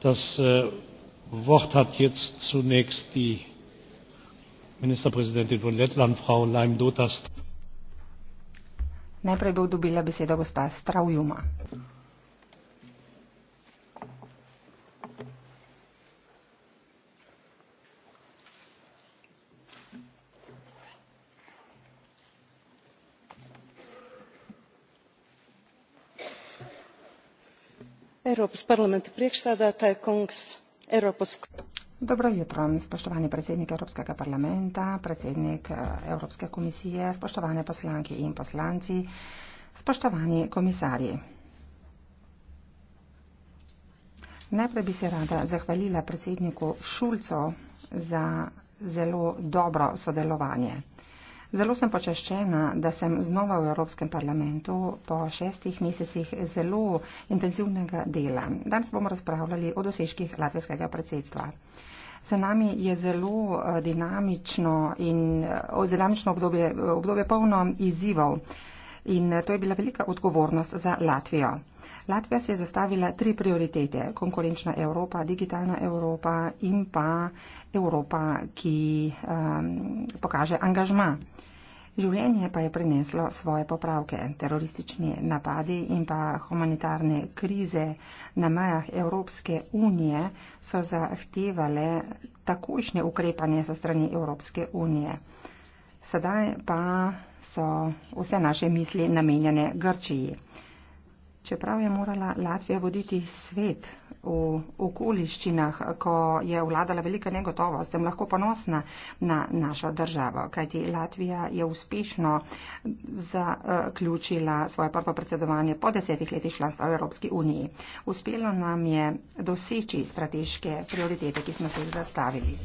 das äh, wort hat jetzt zunächst die ministerpräsidentin von lettland frau lambrinidis. europos parlament priekšsēdē tai kungs europos Dobro jutro, spoštovani predsednik Evropskega parlamenta, predsednik eh, Evropske komisije, spoštovane poslanke in poslanci, spoštovani komisarji. Najprej bi se rada zahvalila predsedniku Šulcu za zelo dobro sodelovanje. Zelo sem počaščena, da sem znova v Evropskem parlamentu po šestih mesecih zelo intenzivnega dela. Danes bomo razpravljali o dosežkih latvijskega predsedstva. Za nami je zelo eh, dinamično, in, eh, dinamično obdobje, eh, obdobje polno izzivov. In eh, to je bila velika odgovornost za Latvijo. Latvija se je zastavila tri prioritete. Konkurenčna Evropa, digitalna Evropa in pa Evropa, ki um, pokaže angažma. Življenje pa je prineslo svoje popravke. Teroristični napadi in pa humanitarne krize na majah Evropske unije so zahtevale takošnje ukrepanje sa strani Evropske unije. Sedaj pa so vse naše misli namenjene Grčiji. Čeprav je morala Latvija voditi svet v okoliščinah, ko je vladala velika negotovost, sem lahko ponosna na našo državo, kajti Latvija je uspešno zaključila svoje prvo predsedovanje po desetih letih članstva v Evropski uniji. Uspelo nam je doseči strateške prioritete, ki smo se jih zastavili.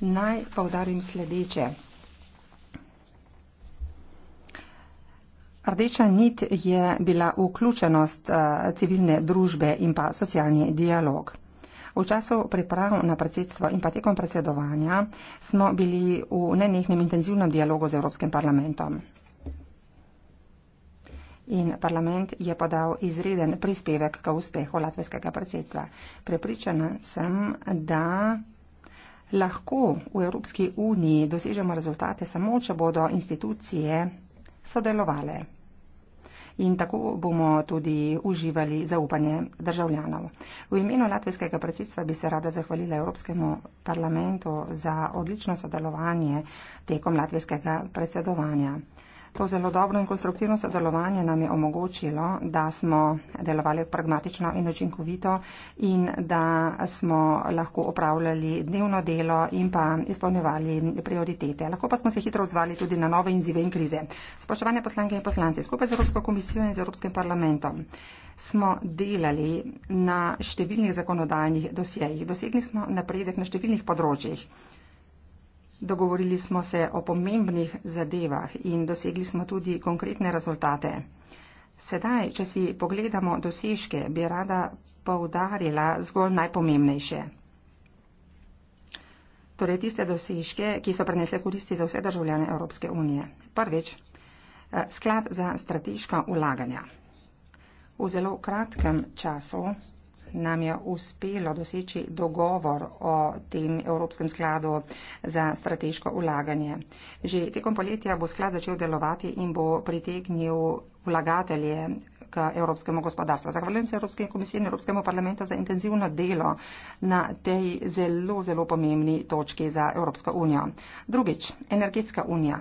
Naj povdarim sledeče. Rdeča nit je bila vključenost eh, civilne družbe in pa socialni dialog. V času priprav na predsedstvo in pa tekom predsedovanja smo bili v nenehnem intenzivnem dialogu z Evropskim parlamentom. In parlament je podal izreden prispevek k uspehu latvijskega predsedstva. Prepričana sem, da lahko v Evropski uniji dosežemo rezultate samo, če bodo institucije sodelovale in tako bomo tudi uživali zaupanje državljanov. V imenu latvijskega predsedstva bi se rada zahvalila Evropskemu parlamentu za odlično sodelovanje tekom latvijskega predsedovanja. To zelo dobro in konstruktivno sodelovanje nam je omogočilo, da smo delovali pragmatično in učinkovito in da smo lahko opravljali dnevno delo in pa izpolnjevali prioritete. Lahko pa smo se hitro odzvali tudi na nove inzive in krize. Spoštovane poslanke in poslanci, skupaj z Evropsko komisijo in z Evropskim parlamentom smo delali na številnih zakonodajnih dosjejih. Dosegli smo napredek na številnih področjih. Dogovorili smo se o pomembnih zadevah in dosegli smo tudi konkretne rezultate. Sedaj, če si pogledamo dosežke, bi rada poudarila zgolj najpomembnejše. Torej tiste dosežke, ki so prenesle koristi za vse državljane Evropske unije. Prvič, eh, sklad za strateška ulaganja. V zelo kratkem času nam je uspelo doseči dogovor o tem Evropskem skladu za strateško ulaganje. Že tekom poletja bo sklad začel delovati in bo pritegnil vlagatelje k Evropskemu gospodarstvu. Zahvaljujem se Evropske komisije in Evropskemu parlamentu za intenzivno delo na tej zelo, zelo pomembni točki za Evropsko unijo. Drugič, energetska unija.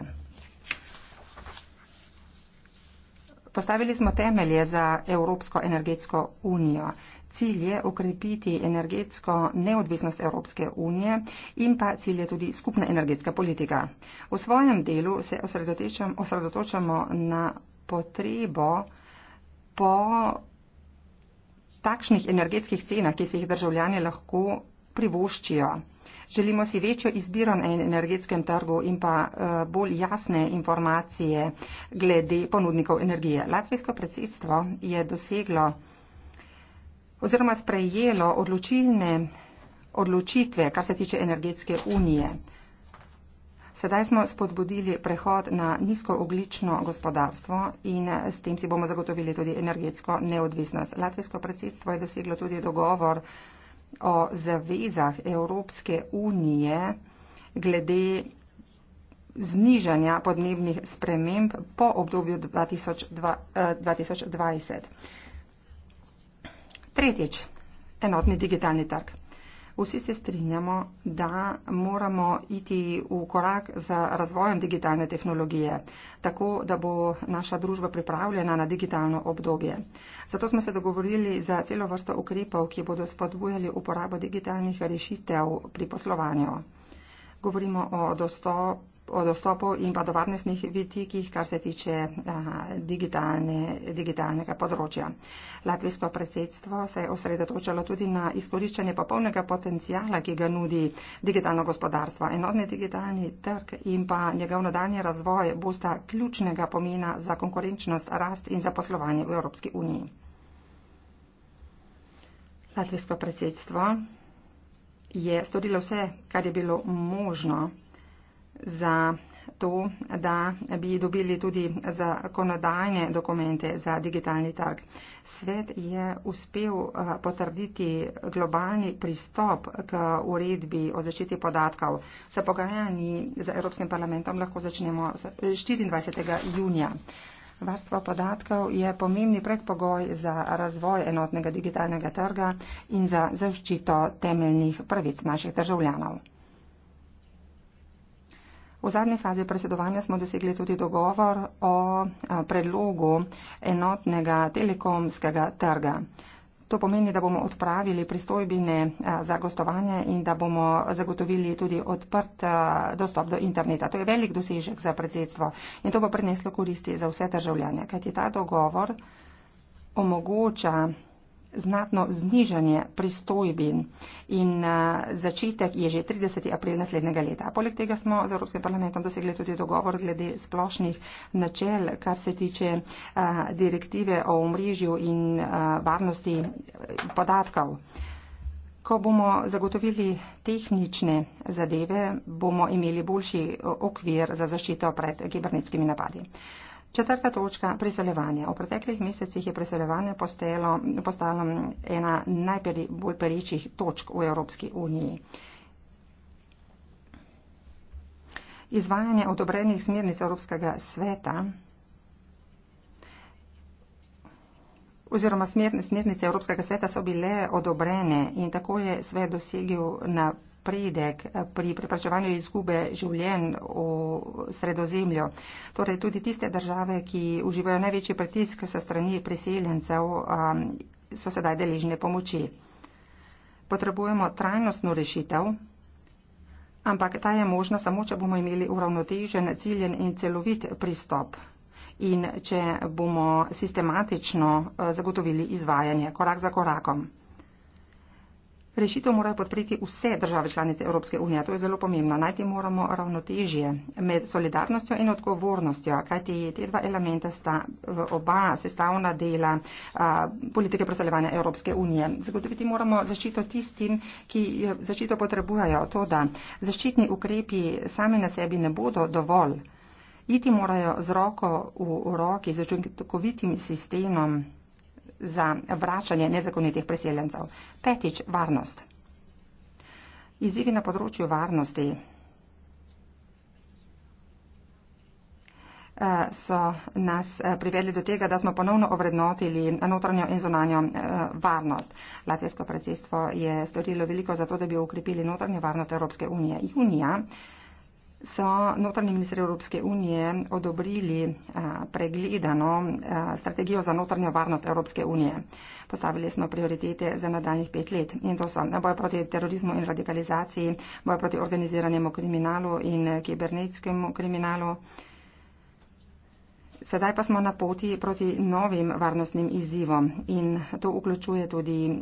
Postavili smo temelje za Evropsko energetsko unijo. Cilj je ukrepiti energetsko neodvisnost Evropske unije in pa cilj je tudi skupna energetska politika. V svojem delu se osredotočamo na potrebo po takšnih energetskih cenah, ki se jih državljani lahko privoščijo. Želimo si večjo izbiro na energetskem trgu in pa eh, bolj jasne informacije glede ponudnikov energije. Latvijsko predsedstvo je doseglo oziroma sprejelo odločilne odločitve, kar se tiče energetske unije. Sedaj smo spodbudili prehod na nizkooglično gospodarstvo in eh, s tem si bomo zagotovili tudi energetsko neodvisnost. Latvijsko predsedstvo je doseglo tudi dogovor o zavezah Evropske unije glede znižanja podnebnih sprememb po obdobju 2020. Eh, Tretjič, enotni digitalni trg. Vsi se strinjamo, da moramo iti v korak z razvojem digitalne tehnologije, tako da bo naša družba pripravljena na digitalno obdobje. Zato smo se dogovorili za celo vrsto ukrepov, ki bodo spodbujali uporabo digitalnih rešitev pri poslovanju. Govorimo o dostopu o dostopu in pa do varnostnih vidikih, kar se tiče digitalne, digitalnega področja. Latvijsko predsedstvo se je osredotočalo tudi na izkoriščanje popolnega potencijala, ki ga nudi digitalno gospodarstvo. Enotni digitalni trg in pa njegov nadaljni razvoj bosta ključnega pomena za konkurenčnost, rast in zaposlovanje v Evropski uniji. Latvijsko predsedstvo je storilo vse, kar je bilo možno za to, da bi dobili tudi zakonodajne dokumente za digitalni trg. Svet je uspel eh, potrditi globalni pristop k uredbi o zaščiti podatkov. Se pogajanji z Evropskim parlamentom lahko začnemo 24. Eh, junija. Varstvo podatkov je pomembni predpogoj za razvoj enotnega digitalnega trga in za zaščito temeljnih pravic naših državljanov. V zadnji fazi predsedovanja smo dosegli tudi dogovor o predlogu enotnega telekomskega trga. To pomeni, da bomo odpravili pristojbine za gostovanje in da bomo zagotovili tudi odprt dostop do interneta. To je velik dosežek za predsedstvo in to bo prineslo koristi za vse državljane, kajti ta dogovor omogoča znatno znižanje pristojbin in eh, začetek je že 30. april naslednjega leta. Poleg tega smo z Evropskim parlamentom dosegli tudi dogovor glede splošnih načel, kar se tiče eh, direktive o omrežju in eh, varnosti podatkov. Ko bomo zagotovili tehnične zadeve, bomo imeli boljši okvir za zaščito pred kibernetskimi napadi. Četrta točka – priseljevanje. V preteklih mesecih je priseljevanje postalo ena najbolj perečih točk v Evropski uniji. Izvajanje odobrenih smernic Evropskega sveta oziroma smernice Evropskega sveta so bile odobrene in tako je svet dosegil na prvi napredek pri preprečevanju izgube življenj v sredozemlju. Torej tudi tiste države, ki uživajo največji pritisk sa strani priseljencev, um, so sedaj deležne pomoči. Potrebujemo trajnostno rešitev, ampak ta je možna samo, če bomo imeli uravnotežen, ciljen in celovit pristop in če bomo sistematično uh, zagotovili izvajanje korak za korakom. Rešitev morajo podpreti vse države članice Evropske unije, to je zelo pomembno. Najti moramo ravnotežje med solidarnostjo in odgovornostjo, kajti te dva elementa sta v oba sestavna dela a, politike preseljevanja Evropske unije. Zagotoviti moramo zaščito tistim, ki zaščito potrebujejo, to da zaščitni ukrepi sami na sebi ne bodo dovolj. Iti morajo z roko v roki, z učinkovitim sistemom za vračanje nezakonitih preseljencev. Petič, varnost. Izzivi na področju varnosti eh, so nas eh, privedli do tega, da smo ponovno ovrednotili notranjo in zunanjo eh, varnost. Latvijsko predsedstvo je storilo veliko za to, da bi ukrepili notranjo varnost Evropske unije. Junija so notranji ministri Evropske unije odobrili eh, pregledano eh, strategijo za notranjo varnost Evropske unije. Postavili smo prioritete za nadaljnih pet let in to so boj proti terorizmu in radikalizaciji, boj proti organiziranemu kriminalu in eh, kibernetskemu kriminalu. Sedaj pa smo na poti proti novim varnostnim izzivom in to vključuje tudi uh,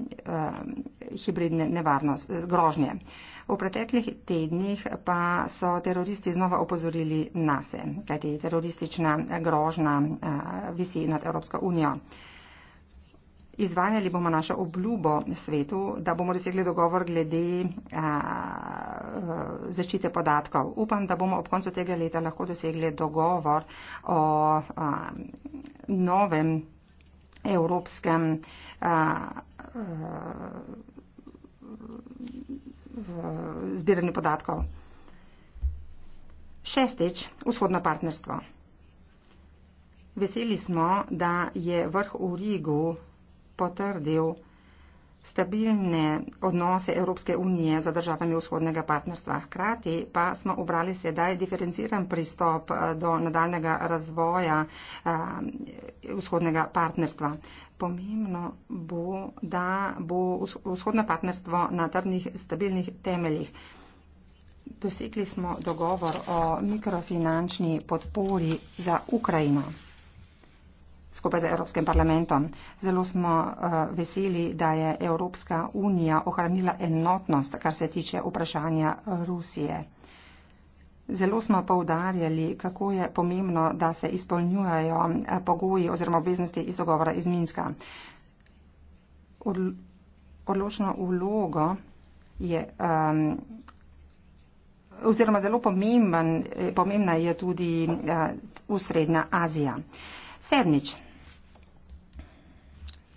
hibridne nevarnost, grožnje. Uh, V preteklih tednih pa so teroristi znova opozorili nase, kajti teroristična grožna eh, visi nad Evropsko unijo. Izvajali bomo našo obljubo svetu, da bomo dosegli dogovor glede a, eh, zaščite podatkov. Upam, da bomo ob koncu tega leta lahko dosegli dogovor o a, eh, novem evropskem. A, a, v zbiranju podatkov. Šestič, vzhodno partnerstvo. Veseli smo, da je vrh v Rigu potrdil, stabilne odnose Evropske unije za državami vzhodnega partnerstva. Hkrati pa smo obrali sedaj diferenciran pristop eh, do nadaljnega razvoja eh, vzhodnega partnerstva. Pomembno bo, da bo vzhodno partnerstvo na trdnih stabilnih temeljih. Dosegli smo dogovor o mikrofinančni podpori za Ukrajino skupaj z Evropskim parlamentom. Zelo smo uh, veseli, da je Evropska unija ohranila enotnost, kar se tiče vprašanja eh, Rusije. Zelo smo poudarjali, kako je pomembno, da se izpolnjujejo eh, pogoji oziroma obveznosti iz dogovora iz Minska. Odločno vlogo je. Um, oziroma zelo pomembna je tudi uh, Srednja Azija. Sedmič,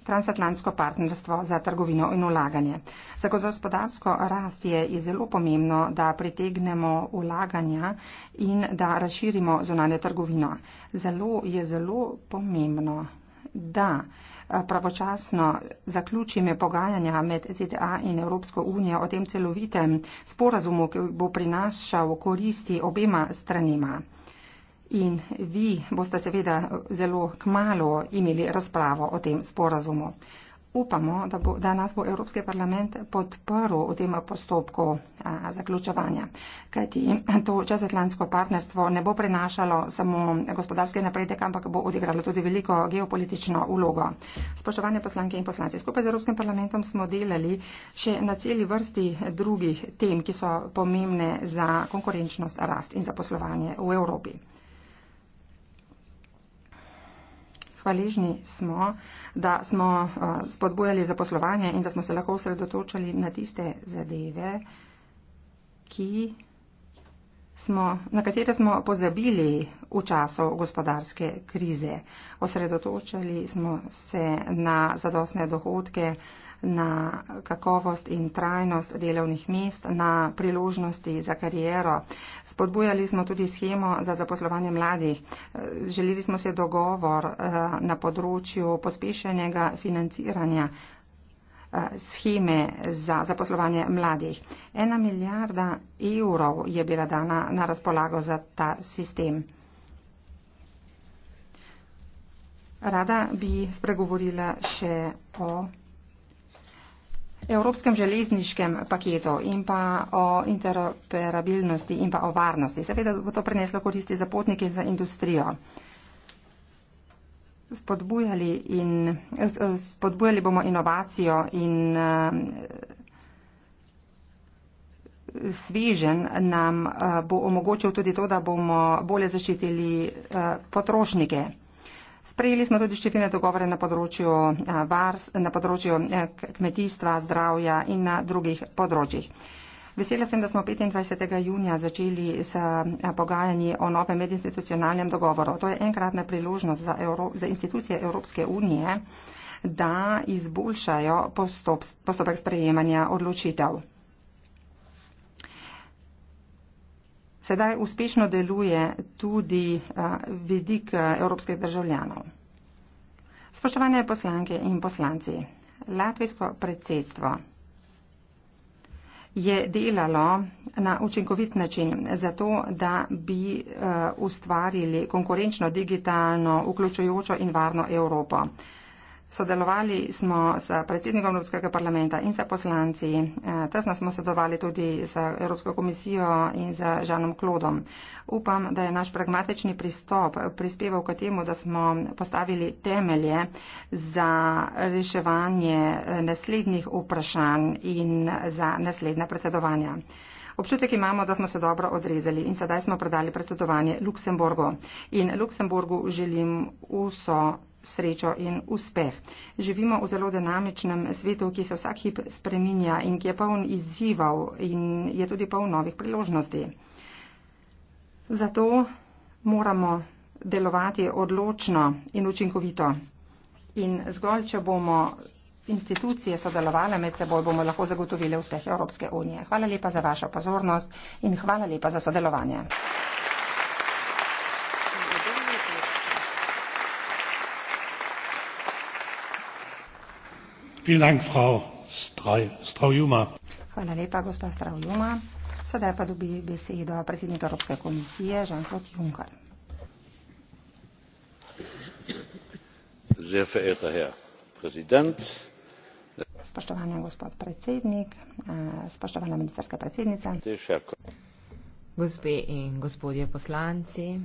transatlantsko partnerstvo za trgovino in ulaganje. Za gospodarsko rast je, je zelo pomembno, da pritegnemo ulaganja in da razširimo zonanje trgovino. Zelo je zelo pomembno, da eh, pravočasno zaključime pogajanja med ZDA in Evropsko unijo o tem celovitem sporazumu, ki bo prinašal koristi obema stranima in vi boste seveda zelo kmalo imeli razpravo o tem sporazumu. Upamo, da, bo, da nas bo Evropski parlament podprl v tem postopku a, zaključevanja, kajti to čezatlantsko partnerstvo ne bo prenašalo samo gospodarske napredek, ampak bo odigralo tudi veliko geopolitično ulogo. Spoštovane poslanke in poslanci, skupaj z Evropskim parlamentom smo delali še na celi vrsti drugih tem, ki so pomembne za konkurenčnost, rast in zaposlovanje v Evropi. hvaležni smo, da smo eh, spodbujali zaposlovanje in da smo se lahko osredotočili na tiste zadeve, smo, na katere smo pozabili v času gospodarske krize. Osredotočili smo se na zadosne dohodke, na kakovost in trajnost delovnih mest, na priložnosti za kariero. Spodbujali smo tudi schemo za zaposlovanje mladih. Želeli smo se dogovor eh, na področju pospešenega financiranja eh, scheme za zaposlovanje mladih. Ena milijarda evrov je bila dana na razpolago za ta sistem. Rada bi spregovorila še o evropskem železniškem paketu in pa o interoperabilnosti in pa o varnosti. Seveda bo to preneslo koristi za potnike in za industrijo. Spodbujali, in, spodbujali bomo inovacijo in uh, svežen nam uh, bo omogočil tudi to, da bomo bolje zaščitili uh, potrošnike. Sprejeli smo tudi številne dogovore na področju, eh, vars, na področju eh, kmetijstva, zdravja in na drugih področjih. Vesela sem, da smo 25. junija začeli s eh, pogajanji o novem medinstitucionalnem dogovoru. To je enkratna priložnost za, Euro, za institucije Evropske unije, da izboljšajo postop, postopek sprejemanja odločitev. sedaj uspešno deluje tudi eh, vidik eh, evropskih državljanov. Spoštovane poslanke in poslanci, Latvijsko predsedstvo je delalo na učinkovit način za to, da bi eh, ustvarili konkurenčno, digitalno, vključujočo in varno Evropo. Sodelovali smo s predsednikom Evropskega parlamenta in s poslanci. Eh, tesno smo sodelovali tudi z Evropsko komisijo in z Žanom Klodom. Upam, da je naš pragmatični pristop prispeval k temu, da smo postavili temelje za reševanje eh, naslednjih vprašanj in za naslednja predsedovanja. Občutek imamo, da smo se dobro odrezali in sedaj smo predali predsedovanje Luksemburgu. In Luksemburgu želim vso srečo in uspeh. Živimo v zelo dinamičnem svetu, ki se vsak hip spreminja in ki je poln izzivov in je tudi poln novih priložnosti. Zato moramo delovati odločno in učinkovito. In zgolj, če bomo institucije sodelovale med seboj, bomo lahko zagotovili uspeh Evropske unije. Hvala lepa za vašo pozornost in hvala lepa za sodelovanje. Hvala lepa, gospa Straujuma. Sedaj pa dobi besedo predsednik Evropske komisije Jean-Claude Juncker. Sehr verehrter Herr Präsident, Spoštovani gospod predsednik, eh, spoštovana ministerska predsednica. Gospe in gospodje poslanci,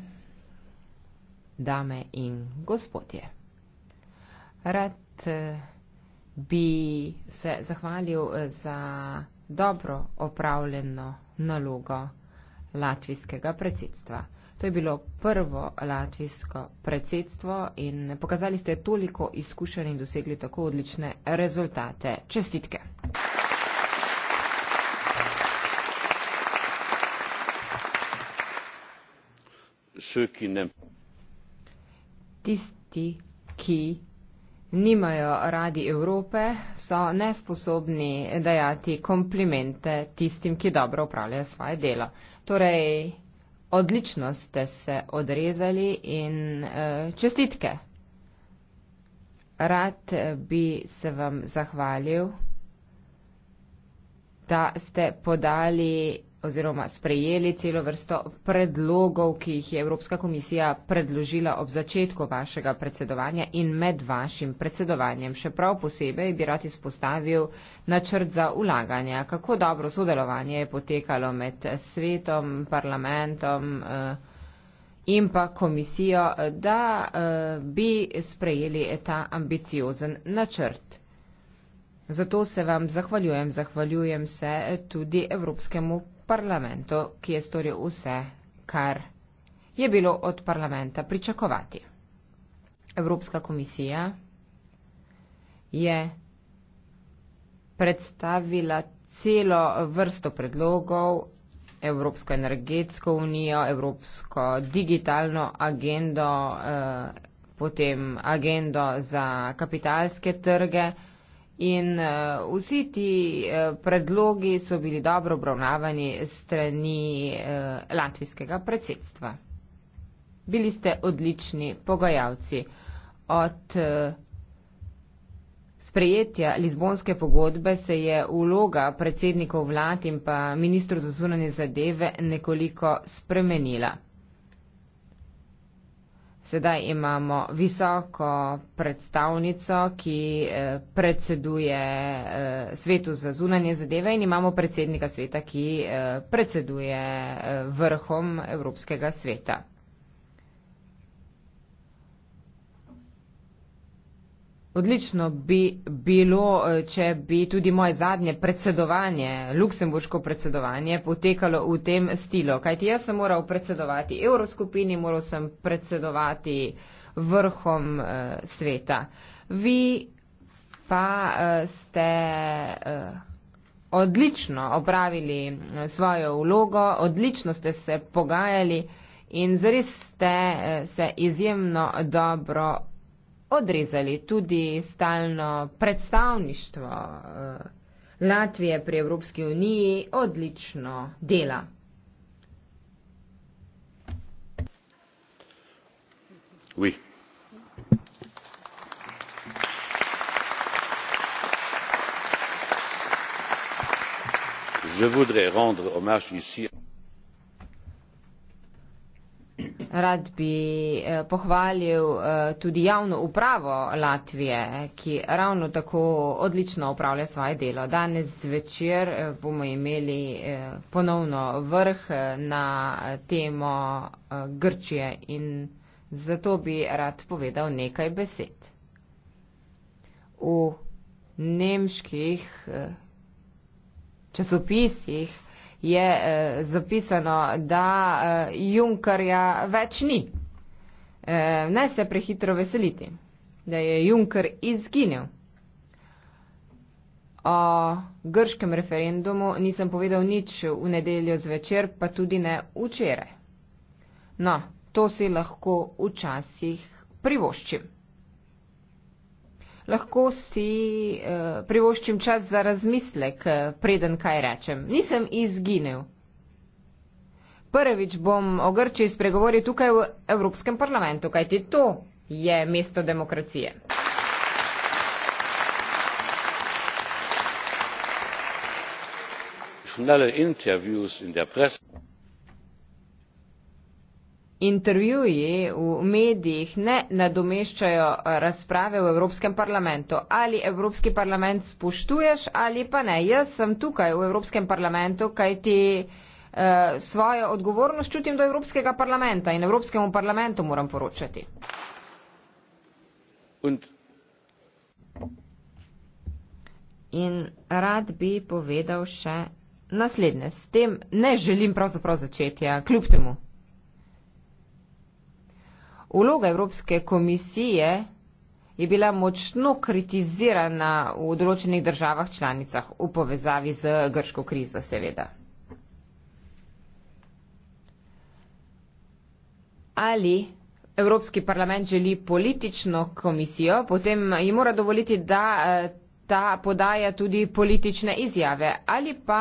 dame in gospodje. Rad eh, bi se zahvalil eh, za dobro opravljeno nalogo latvijskega predsedstva. To je bilo prvo latvijsko predsedstvo in pokazali ste toliko izkušenj in dosegli tako odlične rezultate. Čestitke. Tisti, ki nimajo radi Evrope, so nesposobni dajati komplimente tistim, ki dobro upravljajo svoje delo. Torej, odlično ste se odrezali in uh, čestitke. Rad eh, bi se vam zahvalil, da ste podali oziroma sprejeli celo vrsto predlogov, ki jih je Evropska komisija predložila ob začetku vašega predsedovanja in med vašim predsedovanjem. Še prav posebej bi rad izpostavil načrt za ulaganja. Kako dobro sodelovanje je potekalo med svetom, parlamentom eh, in pa komisijo, da eh, bi sprejeli ta ambiciozen načrt. Zato se vam zahvaljujem, zahvaljujem se tudi Evropskemu parlamentu, ki je storil vse, kar je bilo od parlamenta pričakovati. Evropska komisija je predstavila celo vrsto predlogov, Evropsko energetsko unijo, Evropsko digitalno agendo, eh, potem agendo za kapitalske trge in uh, vsi ti uh, predlogi so bili dobro obravnavani strani uh, latvijskega predsedstva. Bili ste odlični pogajalci. Od uh, sprejetja Lizbonske pogodbe se je uloga predsednikov vlad in pa ministrov za zunanje zadeve nekoliko spremenila. Sedaj imamo visoko predstavnico, ki eh, predseduje eh, svetu za zunanje zadeve in imamo predsednika sveta, ki eh, predseduje vrhom Evropskega sveta. Odlično bi bilo, eh, če bi tudi moje zadnje predsedovanje, luksemburško predsedovanje, potekalo v tem stilu. Kajti jaz sem moral predsedovati Evroskupini, moral sem predsedovati vrhom eh, sveta. Vi pa eh, ste eh, odlično opravili eh, svojo vlogo, odlično ste se pogajali in zares ste eh, se izjemno dobro odrezali tudi stalno predstavništvo eh, Latvije pri Evropski uniji, odlično dela. Oui. Je voudrais rendre hommage ici. rad bi eh, pohvalil eh, tudi javno upravo Latvije, ki ravno tako odlično upravlja svoje delo. Danes zvečer eh, bomo imeli ponovno vrh na temo Grčije in zato bi rad povedal nekaj besed. V nemških časopisih je eh, zapisano, da eh, Junkarja več ni. Eh, ne se prehitro veseliti, da je Junker izginil. O grškem referendumu nisem povedal nič v nedeljo zvečer, pa tudi ne včeraj. No, to si lahko včasih privoščim lahko si uh, privoščim čas za razmislek, uh, preden kaj rečem. Nisem izginil. Prvič bom o Grčiji spregovoril tukaj v Evropskem parlamentu, kajti to je mesto demokracije. Schnelle Interviews in der Presse intervjuji v medijih ne nadomeščajo eh, razprave v Evropskem parlamentu. Ali Evropski parlament spoštuješ ali pa ne. Jaz sem tukaj v Evropskem parlamentu, kaj ti eh, svojo odgovornost čutim do Evropskega parlamenta in Evropskemu parlamentu moram poročati. Und In rad bi povedal še naslednje. S tem ne želim pravzaprav začeti, ja, kljub temu. Vloga Evropske komisije je bila močno kritizirana v določenih državah članicah v povezavi z grško krizo, seveda. Ali Evropski parlament želi politično komisijo, potem ji mora dovoliti, da eh, ta podaja tudi politične izjave ali pa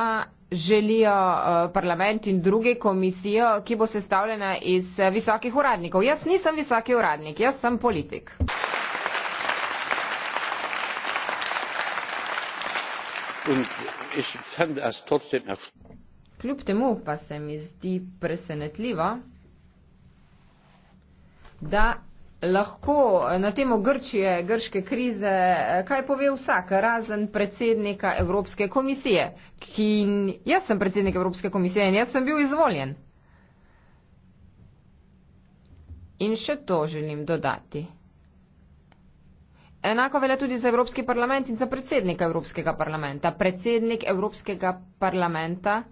želijo eh, parlament in druge komisijo, ki bo sestavljena iz eh, visokih uradnikov. Jaz nisem visoki uradnik, jaz sem politik. Kljub temu pa se mi zdi presenetljivo, da lahko eh, na temo Grčije, grške krize, eh, kaj pove vsak, razen predsednika Evropske komisije, ki jaz sem predsednik Evropske komisije in jaz sem bil izvoljen. In še to želim dodati. Enako velja tudi za Evropski parlament in za predsednika Evropskega parlamenta. Predsednik Evropskega parlamenta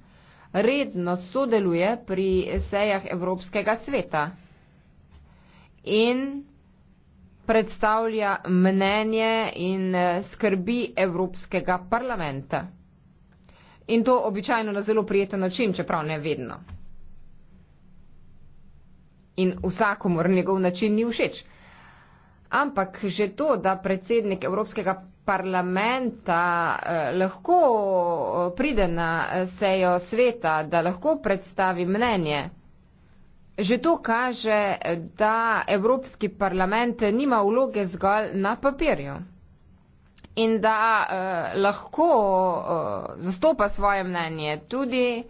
redno sodeluje pri sejah Evropskega sveta in predstavlja mnenje in eh, skrbi Evropskega parlamenta. In to običajno na zelo prijeten način, čeprav ne vedno. In vsakomor njegov način ni všeč. Ampak že to, da predsednik Evropskega parlamenta eh, lahko eh, pride na sejo sveta, da lahko predstavi mnenje, Že to kaže, da Evropski parlament nima vloge zgolj na papirju in da eh, lahko eh, zastopa svoje mnenje tudi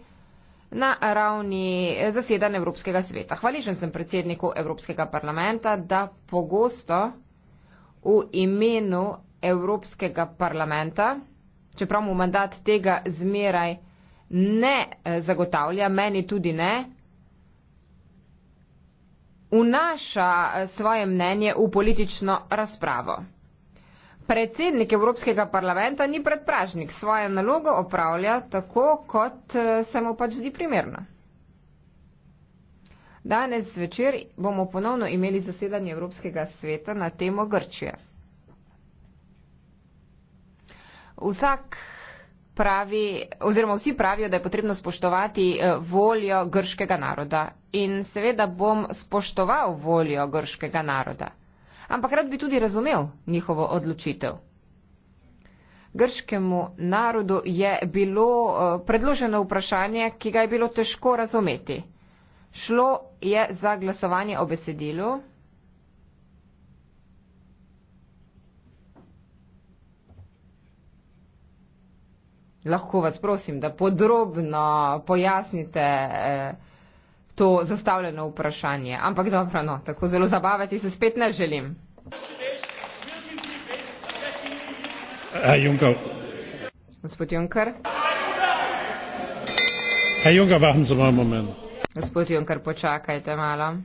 na ravni eh, zasedanja Evropskega sveta. Hvaležen sem predsedniku Evropskega parlamenta, da pogosto v imenu Evropskega parlamenta, čeprav mu mandat tega zmeraj ne eh, zagotavlja, meni tudi ne, vnaša eh, svoje mnenje v politično razpravo. Predsednik Evropskega parlamenta ni predpražnik, svojo nalogo opravlja tako, kot eh, se mu pač zdi primerno. Danes večer bomo ponovno imeli zasedanje Evropskega sveta na temo Grčije. Vsak pravi, oziroma vsi pravijo, da je potrebno spoštovati eh, voljo grškega naroda. In seveda bom spoštoval voljo grškega naroda. Ampak rad bi tudi razumel njihovo odločitev. Grškemu narodu je bilo eh, predloženo vprašanje, ki ga je bilo težko razumeti. Šlo je za glasovanje o besedilu, lahko vas prosim, da podrobno pojasnite eh, to zastavljeno vprašanje. Ampak dobro, no, tako zelo zabavati se spet ne želim. Gospod Junker. Herr Juncker, warten Sie mal einen Moment. Gospod Juncker, počakajte malo.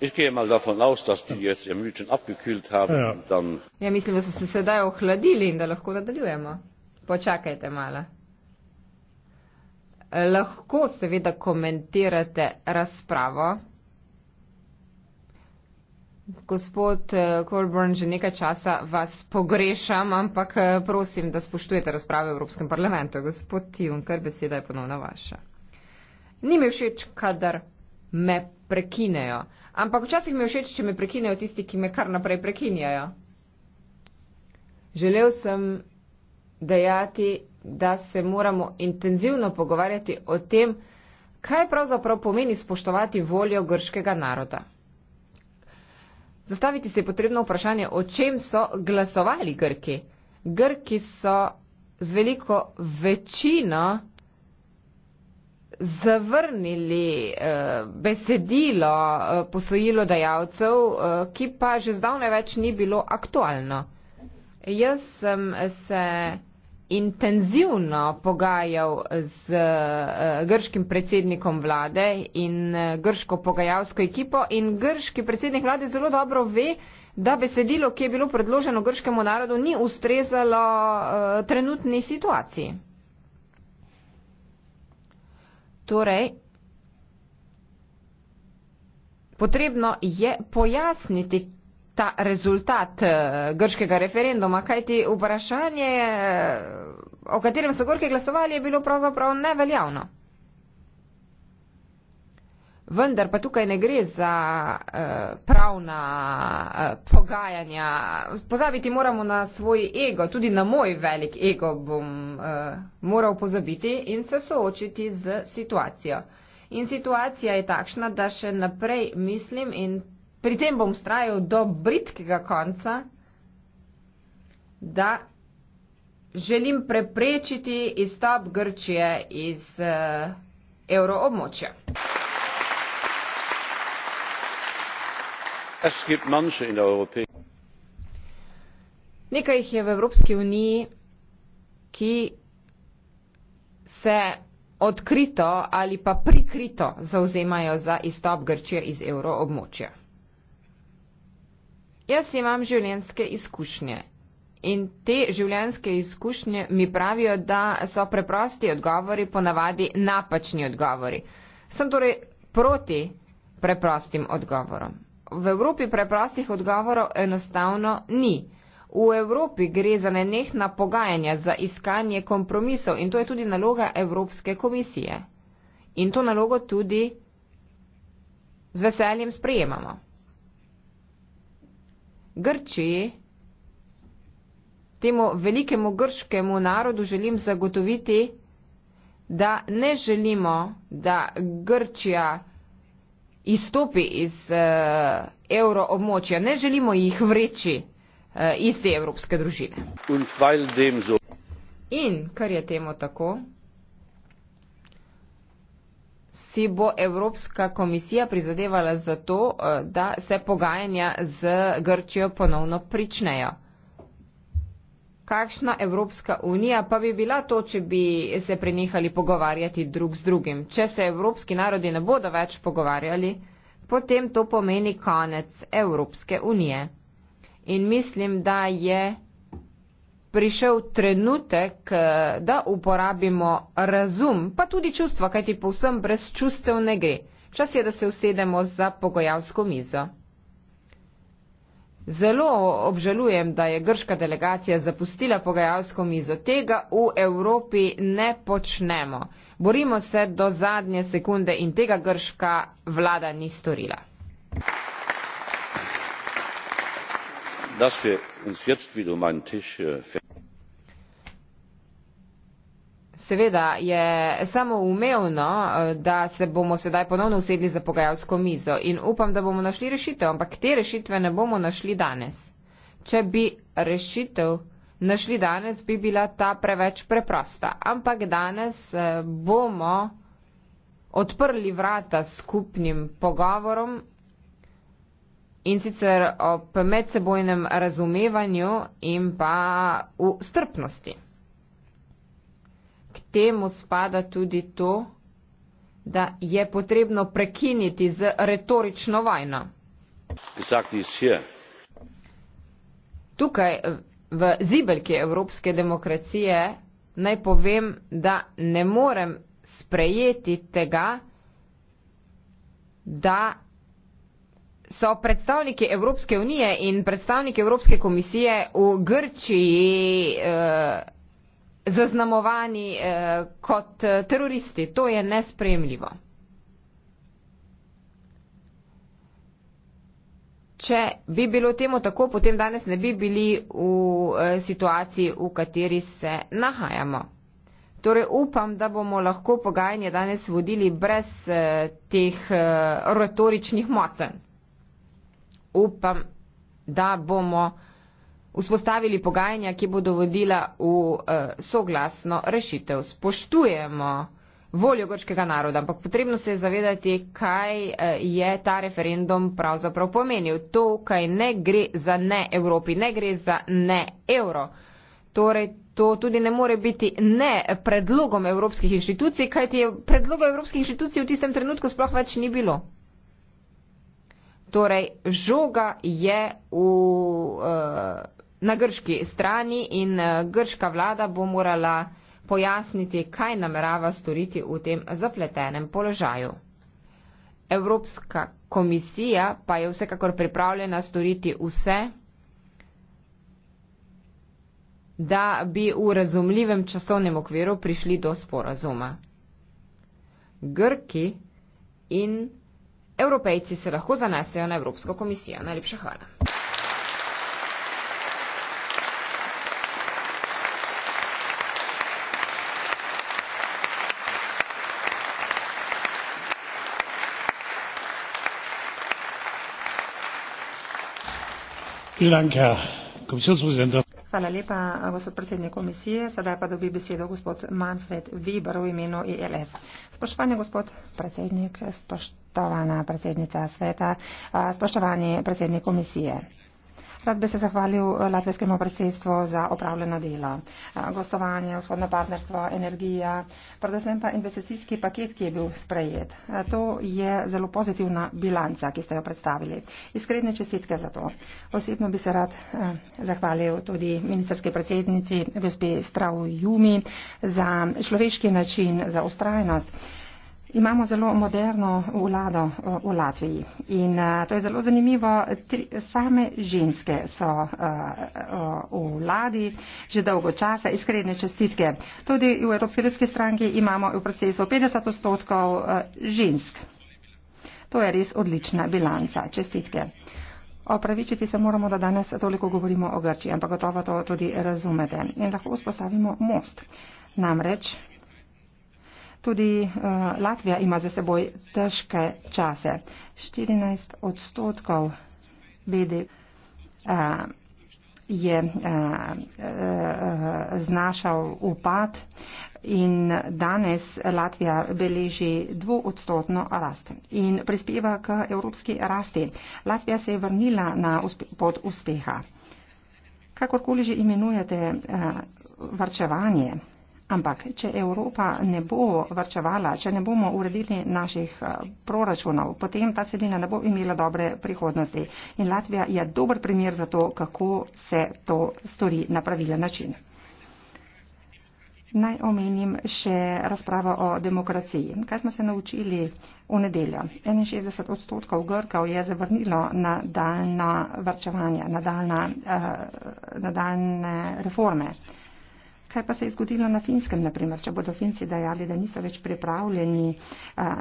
Ich gehe mal davon aus, dass die jetzt ihr Mütchen abgekühlt haben. Ja, ja. Dann ja mislim, da so se sedaj ohladili in da lahko nadaljujemo. Da Počakajte malo. Eh, lahko seveda komentirate razpravo. Gospod eh, Colburn, že nekaj časa vas pogrešam, ampak eh, prosim, da spoštujete razprave v Evropskem parlamentu. Gospod Junker, beseda je ponovno vaša. Ni mi všeč, kadar me prekinejo, ampak včasih mi všeč, če me prekinejo tisti, ki me kar naprej prekinjajo. Želel sem dejati, da se moramo intenzivno pogovarjati o tem, kaj pravzaprav pomeni spoštovati voljo grškega naroda. Zastaviti se je potrebno vprašanje, o čem so glasovali Grki. Grki so z veliko večino zavrnili eh, besedilo eh, posojilo dajalcev, eh, ki pa že zdavne več ni bilo aktualno. Jaz sem se intenzivno pogajal z eh, grškim predsednikom vlade in eh, grško pogajalsko ekipo in grški predsednik vlade zelo dobro ve, da besedilo, ki je bilo predloženo grškemu narodu, ni ustrezalo eh, trenutni situaciji. Torej, potrebno je pojasniti, ta rezultat eh, grškega referenduma, kajti vprašanje, eh, o katerem so gorki glasovali, je bilo pravzaprav neveljavno. Vendar pa tukaj ne gre za eh, pravna eh, pogajanja. Pozabiti moramo na svoj ego, tudi na moj velik ego bom eh, moral pozabiti in se soočiti z situacijo. In situacija je takšna, da še naprej mislim in pri tem bom strajal do britkega konca, da želim preprečiti izstop Grčije iz uh, evroobmočja. Nekaj jih je v Evropski uniji, ki se odkrito ali pa prikrito zauzemajo za izstop Grčije iz evroobmočja jaz imam življenjske izkušnje. In te življenjske izkušnje mi pravijo, da so preprosti odgovori ponavadi napačni odgovori. Sem torej proti preprostim odgovorom. V Evropi preprostih odgovorov enostavno ni. V Evropi gre za nenehna pogajanja, za iskanje kompromisov in to je tudi naloga Evropske komisije. In to nalogo tudi z veseljem sprejemamo. Grčiji, temu velikemu grškemu narodu želim zagotoviti, da ne želimo, da Grčija izstopi iz uh, eh, euroobmočja. Ne želimo jih vreči uh, iz te evropske družine. In kar je temu tako, si bo Evropska komisija prizadevala za to, eh, da se pogajanja z Grčijo ponovno pričnejo. Kakšna Evropska unija pa bi bila to, če bi se prenehali pogovarjati drug z drugim? Če se evropski narodi ne bodo več pogovarjali, potem to pomeni konec Evropske unije. In mislim, da je prišel trenutek, eh, da uporabimo razum, pa tudi čustva, kajti povsem brez čustev ne gre. Čas je, da se usedemo za pogojavsko mizo. Zelo obžalujem, da je grška delegacija zapustila pogajalsko mizo. Tega v Evropi ne počnemo. Borimo se do zadnje sekunde in tega grška vlada ni storila dass wir uns jetzt wieder um einen Tisch äh, Seveda je samoumevno, äh, da se bomo sedaj ponovno usedli za pogajalsko mizo in upam, da bomo našli rešitev, ampak te rešitve ne bomo našli danes. Če bi rešitev našli danes, bi bila ta preveč preprosta. Ampak danes äh, bomo odprli vrata skupnim pogovorom in sicer ob medsebojnem razumevanju in pa v strpnosti. K temu spada tudi to, da je potrebno prekiniti z retorično vojno. Tukaj v zibelki evropske demokracije naj povem, da ne morem sprejeti tega, da so predstavniki Evropske unije in predstavniki Evropske komisije v Grčiji eh, zaznamovani eh, kot teroristi. To je nespremljivo. Če bi bilo temu tako, potem danes ne bi bili v eh, situaciji, v kateri se nahajamo. Torej upam, da bomo lahko pogajanje danes vodili brez eh, teh eh, retoričnih motenj upam, da bomo vzpostavili pogajanja, ki bodo vodila v eh, soglasno rešitev. Spoštujemo voljo grškega naroda, ampak potrebno se je zavedati, kaj eh, je ta referendum pravzaprav pomenil. To, kaj ne gre za ne Evropi, ne gre za ne evro. Torej, to tudi ne more biti ne predlogom evropskih inštitucij, kajti predloga evropskih inštitucij v tistem trenutku sploh več ni bilo. Torej, žoga je v, eh, na grški strani in eh, grška vlada bo morala pojasniti, kaj namerava storiti v tem zapletenem položaju. Evropska komisija pa je vsekakor pripravljena storiti vse, da bi v razumljivem časovnem okviru prišli do sporazuma. Grki in Evropejci se lahko zanesejo na Evropsko komisijo. Najlepša hvala. Vielen Dank, Herr Kommissionspräsident. Hvala lepa, gospod predsednik komisije. Sedaj pa dobi besedo gospod Manfred Viber v imenu ILS. E spoštovani gospod predsednik, spoštovana predsednica sveta, spoštovani predsednik komisije. Rad bi se zahvalil eh, latvijskemu predsedstvu za opravljeno delo. Eh, gostovanje, vzhodno partnerstvo, energija, predvsem pa investicijski paket, ki je bil sprejet. Eh, to je zelo pozitivna bilanca, ki ste jo predstavili. Iskredne čestitke za to. Osebno bi se rad zahvalil tudi ministerske predsednici, gospe Strau Jumi, za človeški način, za ustrajnost. Imamo zelo moderno vlado eh, v Latviji in uh, to je zelo zanimivo. Tri, same ženske so uh, uh, v vladi že dolgo časa, iskrene čestitke. Tudi v Evropske ljudske stranke imamo v procesu 50 odstotkov uh, žensk. To je res odlična bilanca. Čestitke. Opravičiti se moramo, da danes toliko govorimo o Grčiji, ampak gotovo to tudi razumete. In lahko vzpostavimo most. Namreč Tudi uh, Latvija ima za seboj težke čase. 14 odstotkov BDP uh, eh, je uh, uh, znašal upad in danes Latvija beleži dvoodstotno rast in prispeva k evropski rasti. Latvija se je vrnila na uspe pod uspeha. Kakorkoli že imenujete uh, varčevanje, Ampak, če Evropa ne bo vrčevala, če ne bomo uredili naših eh, proračunov, potem ta celina ne bo imela dobre prihodnosti. In Latvija je dober primer za to, kako se to stori na pravilen način. Naj omenim še razpravo o demokraciji. Kaj smo se naučili v nedeljo? 61 odstotkov Grkov je zavrnilo nadaljna vrčevanja, eh, nadaljne reforme. Kaj pa se je zgodilo na finskem, naprimer, če bodo finci dajali, da niso več pripravljeni a, a,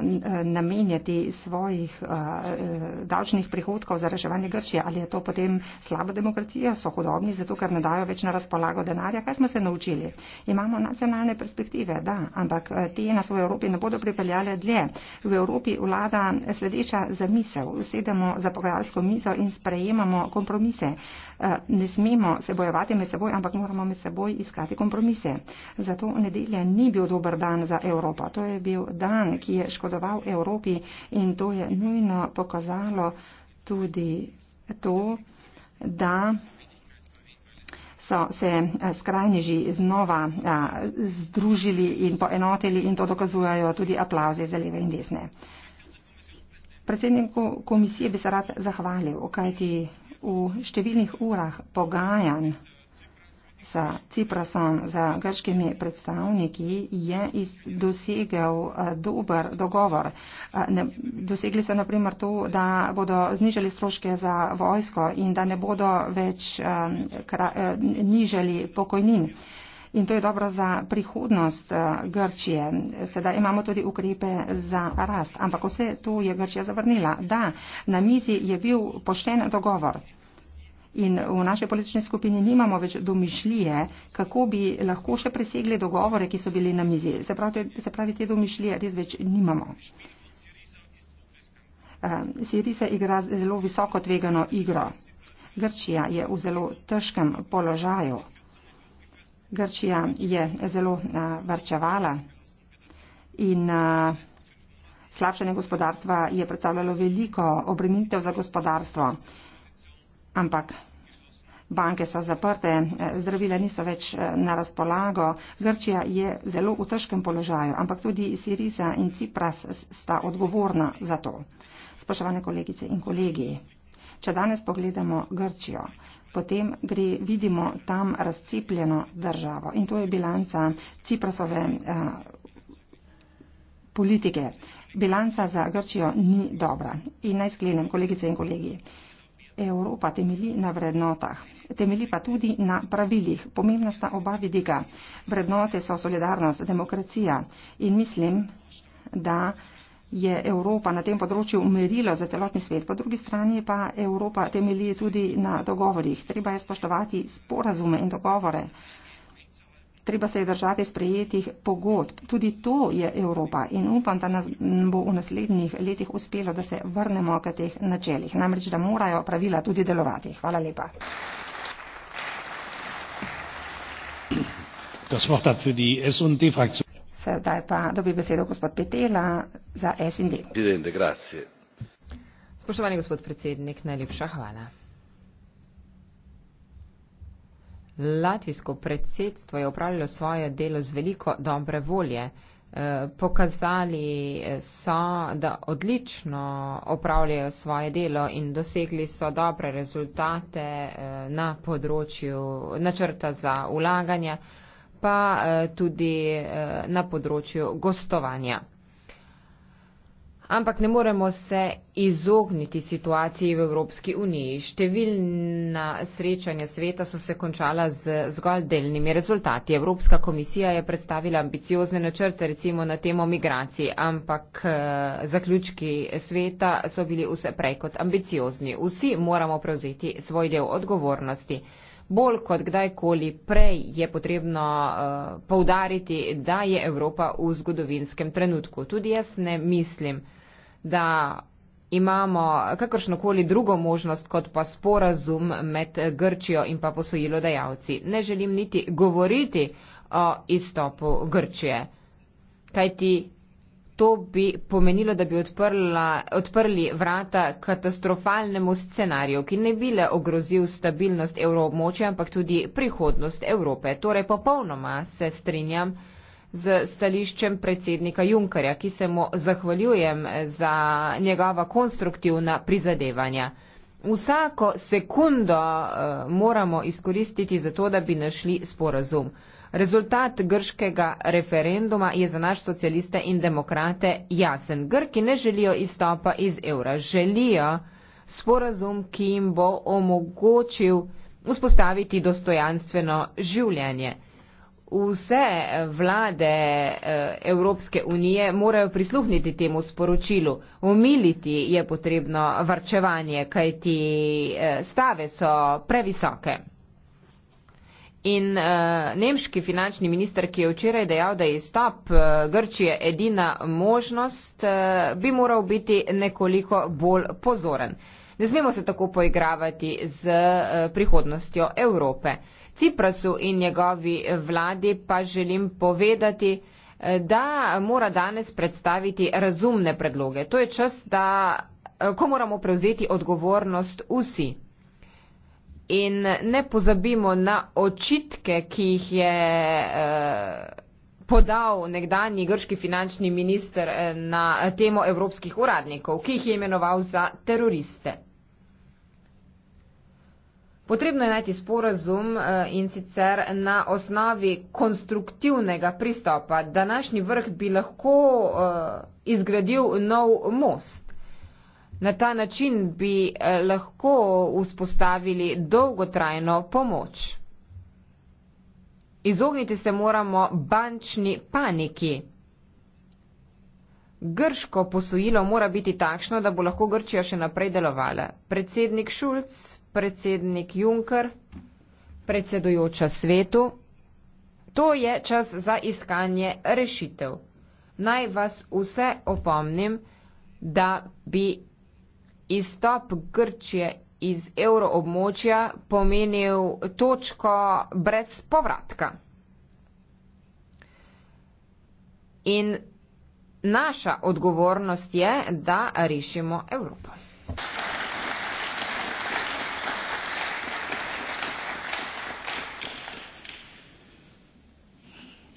namenjati svojih a, a, e, davčnih prihodkov za reševanje Grčije? Ali je to potem slaba demokracija, so hodobni, zato ker ne dajo več na razpolago denarja? Kaj smo se naučili? Imamo nacionalne perspektive, da, ampak e, te nas v Evropi ne bodo pripeljale dlje. V Evropi vlada sledeča zamisel. Sedemo za pogajalsko mizo in sprejemamo kompromise. Eh, ne smemo se bojevati med seboj, ampak moramo med seboj iskati kompromise. Zato nedelja ni bil dober dan za Evropo. To je bil dan, ki je škodoval Evropi in to je nujno pokazalo tudi to, da so se eh, skrajneži znova a, eh, združili in poenotili in to dokazujejo tudi aplauze za leve in desne. Predsedniku komisije bi se rad zahvalil, kajti v številnih urah pogajanj za Ciprasom, za grškimi predstavniki, je dosegel eh, dober dogovor. Eh, dosegli so naprimer to, da bodo znižali stroške za vojsko in da ne bodo več eh, nižali pokojnin in to je dobro za prihodnost eh, Grčije. Sedaj imamo tudi ukrepe za rast, ampak vse to je Grčija zavrnila. Da, na mizi je bil pošten dogovor. In v naši politični skupini nimamo več domišljije, kako bi lahko še presegli dogovore, ki so bili na mizi. Se pravi, se pravi te domišljije res več nimamo. Eh, Sirisa igra zelo visoko tvegano igro. Grčija je v zelo težkem položaju. Grčija je zelo eh, varčevala in eh, slabšanje gospodarstva je predstavljalo veliko obremenitev za gospodarstvo. Ampak banke so zaprte, eh, zdravila niso več na razpolago, Grčija je zelo v težkem položaju, ampak tudi Siriza in Cipras sta odgovorna za to. Spoštovane kolegice in kolegi, če danes pogledamo Grčijo, potem gre, vidimo tam razcepljeno državo. In to je bilanca Ciprasove eh, politike. Bilanca za Grčijo ni dobra. In naj sklenem, kolegice in kolegi. Evropa temeli na vrednotah, temeli pa tudi na pravilih. Pomembna sta oba vidika. Vrednote so solidarnost, demokracija in mislim, da je Evropa na tem področju umerila za celotni svet, po drugi strani pa Evropa temelji tudi na dogovorih. Treba je spoštovati sporazume in dogovore. Treba se je držati sprejetih pogodb. Tudi to je Evropa in upam, da nas bo v naslednjih letih uspelo, da se vrnemo k teh načelih. Namreč, da morajo pravila tudi delovati. Hvala lepa. Das Wort hat für die S&D-Fraktion. Sedaj pa dobi besedo gospod Petela za SND. Spoštovani gospod predsednik, najlepša hvala. Latvijsko predsedstvo je upravljalo svoje delo z veliko dobre volje. Eh, pokazali eh, so, da odlično opravljajo svoje delo in dosegli so dobre rezultate eh, na področju načrta za ulaganja pa eh, tudi eh, na področju gostovanja. Ampak ne moremo se izogniti situaciji v Evropski uniji. Številna srečanja sveta so se končala z zgolj delnimi rezultati. Evropska komisija je predstavila ambiciozne načrte recimo na temo migracij, ampak eh, zaključki sveta so bili vse prej kot ambiciozni. Vsi moramo prevzeti svoj del odgovornosti bolj kot kdajkoli prej je potrebno uh, eh, povdariti, da je Evropa v zgodovinskem trenutku. Tudi jaz ne mislim, da imamo kakršnokoli drugo možnost, kot pa sporazum med Grčijo in pa posojilodajalci. Ne želim niti govoriti o izstopu Grčije. Kaj ti to bi pomenilo, da bi odprla, odprli vrata katastrofalnemu scenariju, ki ne bi le ogrozil stabilnost evroobmočja, ampak tudi prihodnost Evrope. Torej, popolnoma se strinjam z stališčem predsednika Junkarja, ki se mu zahvaljujem za njegova konstruktivna prizadevanja. Vsako sekundo uh, moramo izkoristiti za to, da bi našli sporazum. Uh, Rezultat grškega referenduma je za naš socialiste in demokrate jasen. Grki ne želijo izstopa iz evra, želijo sporazum, ki jim bo omogočil vzpostaviti dostojanstveno življenje. Vse vlade eh, Evropske unije morajo prisluhniti temu sporočilu. Omiliti je potrebno varčevanje, kajti eh, stave so previsoke. In uh, nemški finančni minister, ki je včeraj dejal, da je izstop eh, Grčije edina možnost, uh, bi moral biti nekoliko bolj pozoren. Ne smemo se tako poigravati z uh, prihodnostjo Evrope. Ciprasu in njegovi vladi pa želim povedati, da mora danes predstaviti razumne predloge. To je čas, da, ko moramo prevzeti odgovornost vsi. In ne pozabimo na očitke, ki jih je eh, podal nekdani grški finančni minister eh, na temo evropskih uradnikov, ki jih je imenoval za teroriste. Potrebno je najti sporazum eh, in sicer na osnovi konstruktivnega pristopa. Današnji vrh bi lahko izgradil nov most. Na ta način bi eh, lahko vzpostavili dolgotrajno pomoč. Izogniti se moramo bančni paniki. Grško posojilo mora biti takšno, da bo lahko Grčija še naprej delovala. Predsednik Šulc, predsednik Juncker, predsedujoča svetu, to je čas za iskanje rešitev. Naj vas vse opomnim, da bi izstop Grčije iz evroobmočja pomenil točko brez povratka. In naša odgovornost je, da rešimo Evropo.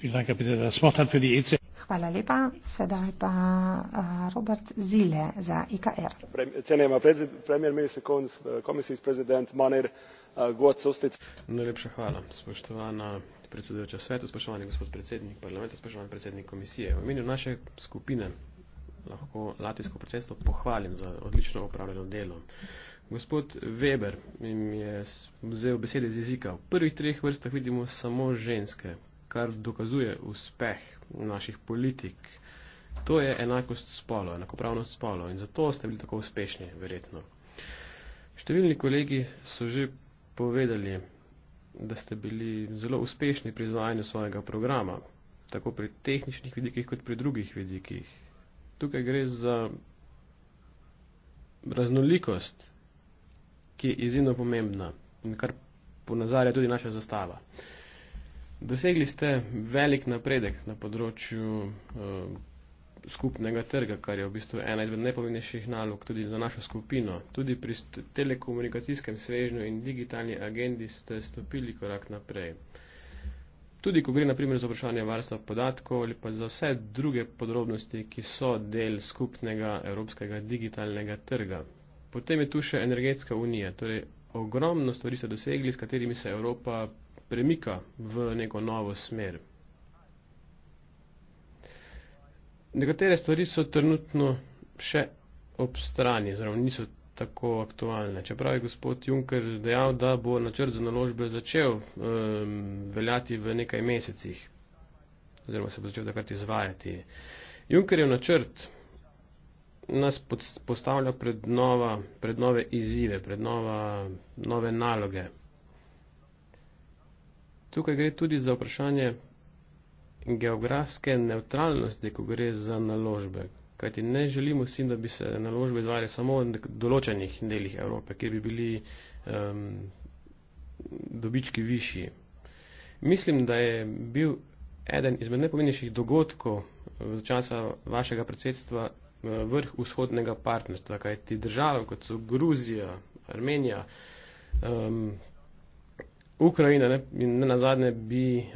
Vielen Dank, Herr Präsident. Das Wort hat für die EZB. Hvala lepa. Sedaj pa eh, Robert Zile za IKR. Cenjena premijer, minister eh, komisijski prezident Maner eh, Gotsostic. Najlepša hvala, spoštovana predsedujoča sveta, spoštovani gospod predsednik parlamenta, spoštovani predsednik komisije. V imenu naše skupine lahko latvijsko predsedstvo pohvalim za odlično opravljeno delo. Gospod Weber mi je vzel besede iz jezika. V prvih treh vrstah vidimo samo ženske kar dokazuje uspeh naših politik, to je enakost spolo, enakopravnost spolo in zato ste bili tako uspešni, verjetno. Številni kolegi so že povedali, da ste bili zelo uspešni pri izvajanju svojega programa, tako pri tehničnih vidikih kot pri drugih vidikih. Tukaj gre za raznolikost, ki je izjemno pomembna in kar ponazarja tudi naša zastava. Dosegli ste velik napredek na področju uh, skupnega trga, kar je v bistvu ena izmed najpomembnejših nalog tudi za našo skupino. Tudi pri telekomunikacijskem svežnju in digitalni agendi ste stopili korak naprej. Tudi, ko gre naprimer za vprašanje varstva podatkov ali pa za vse druge podrobnosti, ki so del skupnega evropskega digitalnega trga. Potem je tu še energetska unija, torej ogromno stvari ste dosegli, s katerimi se Evropa premika v neko novo smer. Nekatere stvari so trenutno še ob strani, oziroma niso tako aktualne. Čeprav je gospod Juncker dejal, da bo načrt za naložbe začel um, veljati v nekaj mesecih, oziroma se bo začel takrat izvajati. Juncker je v načrt nas postavlja pred, nova, pred nove izzive, pred nova, nove naloge. Tukaj gre tudi za vprašanje geografske neutralnosti, ko gre za naložbe. Kajti ne želimo si, da bi se naložbe izvajale samo v določenih delih Evrope, kjer bi bili um, dobički višji. Mislim, da je bil eden izmed najpomembnejših dogodkov eh, v času vašega predsedstva eh, vrh vzhodnega partnerstva, kajti države, kot so Gruzija, Armenija, um, Ukrajine ne, in ne nazadnje bi eh,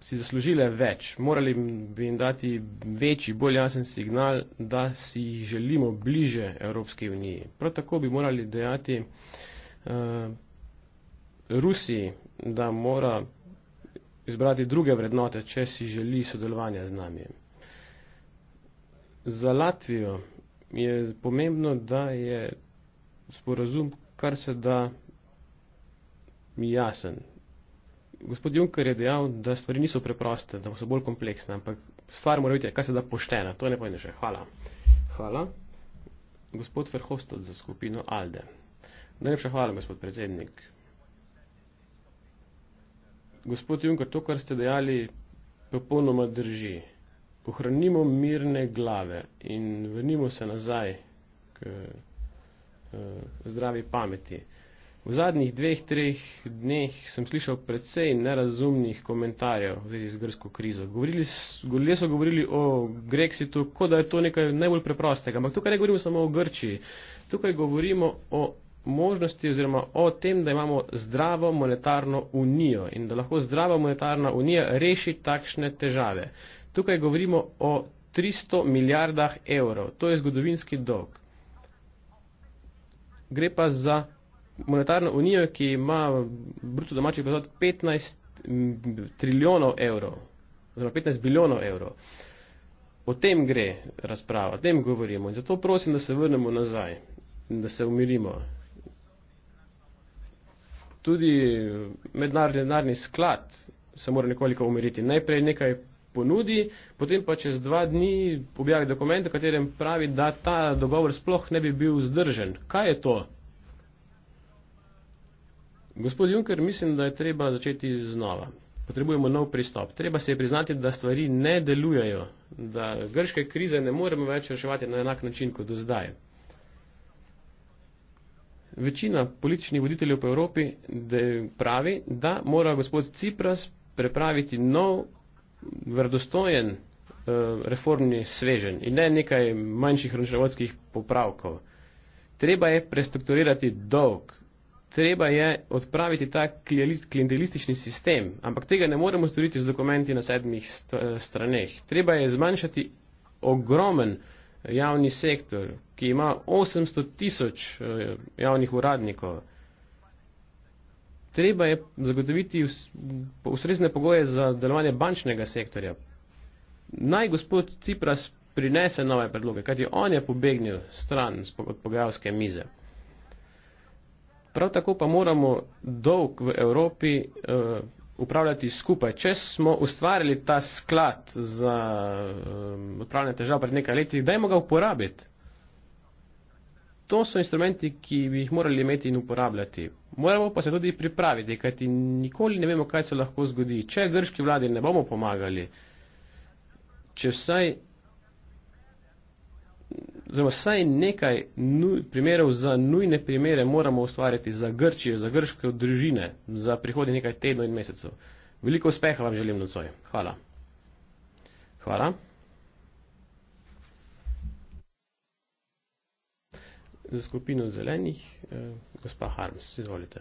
si zaslužile več. Morali bi jim dati večji, bolj jasen signal, da si jih želimo bliže Evropske unije. Prav tako bi morali dejati eh, Rusiji, da mora izbrati druge vrednote, če si želi sodelovanja z nami. Za Latvijo je pomembno, da je sporazum kar se da mi jasen. Gospod Juncker je dejal, da stvari niso preproste, da so bolj kompleksne, ampak stvar mora biti, kaj se da poštena. To ne pojene še. Hvala. Hvala. Gospod Verhofstad za skupino Alde. Najlepša hvala, gospod predsednik. Gospod Juncker, to, kar ste dejali, popolnoma drži. Ohranimo mirne glave in vrnimo se nazaj k, k, eh, k zdravi pameti. V zadnjih dveh, treh dneh sem slišal precej nerazumnih komentarjev v zvezi z grško krizo. Govorili so, so govorili o Grexitu, kot da je to nekaj najbolj preprostega. Ampak tukaj ne govorimo samo o Grčiji. Tukaj govorimo o možnosti oziroma o tem, da imamo zdravo monetarno unijo in da lahko zdrava monetarna unija reši takšne težave. Tukaj govorimo o 300 milijardah evrov. To je zgodovinski dolg. Gre pa za monetarno unijo, ki ima bruto domačih prihodkov 15 trilijonov evrov, oziroma 15 bilijonov evrov. O tem gre razprava, o tem govorimo in zato prosim, da se vrnemo nazaj in da se umirimo. Tudi eh, mednarodni denarni sklad se mora nekoliko umiriti. Najprej nekaj ponudi, potem pa čez dva dni objavi dokument, v katerem pravi, da ta dogovor sploh ne bi bil zdržen. Kaj je to? Gospod Juncker, mislim, da je treba začeti znova. Potrebujemo nov pristop. Treba se je priznati, da stvari ne delujejo, da grške krize ne moremo več reševati na enak način kot do zdaj. Večina političnih voditeljev po Evropi pravi, da mora gospod Cipras prepraviti nov, vrdostojen eh, reformni svežen in ne nekaj manjših računovodskih popravkov. Treba je prestrukturirati dolg treba je odpraviti ta klientelistični sistem, ampak tega ne moremo storiti z dokumenti na sedmih st straneh. Treba je zmanjšati ogromen eh, javni sektor, ki ima 800 tisoč eh, javnih uradnikov. Treba je zagotoviti ustrezne pogoje za delovanje bančnega sektorja. Naj gospod Cipras prinese nove predloge, kajti on je pobegnil stran od pogajalske mize. Prav tako pa moramo dolg v Evropi uh, upravljati skupaj. Če smo ustvarili ta sklad za uh, odpravljanje težav pred nekaj leti, dajmo ga uporabiti. To so instrumenti, ki bi jih morali imeti in uporabljati. Moramo pa se tudi pripraviti, kajti nikoli ne vemo, kaj se lahko zgodi. Če grški vladi ne bomo pomagali, če vsaj oziroma vsaj nekaj nuj, primerov za nujne primere moramo ustvariti za Grčijo, za grške družine, za prihodnje nekaj tednov in mesecev. Veliko uspeha vam želim na svoj. Hvala. Hvala. Za skupino zelenih, eh, gospa Harms, izvolite.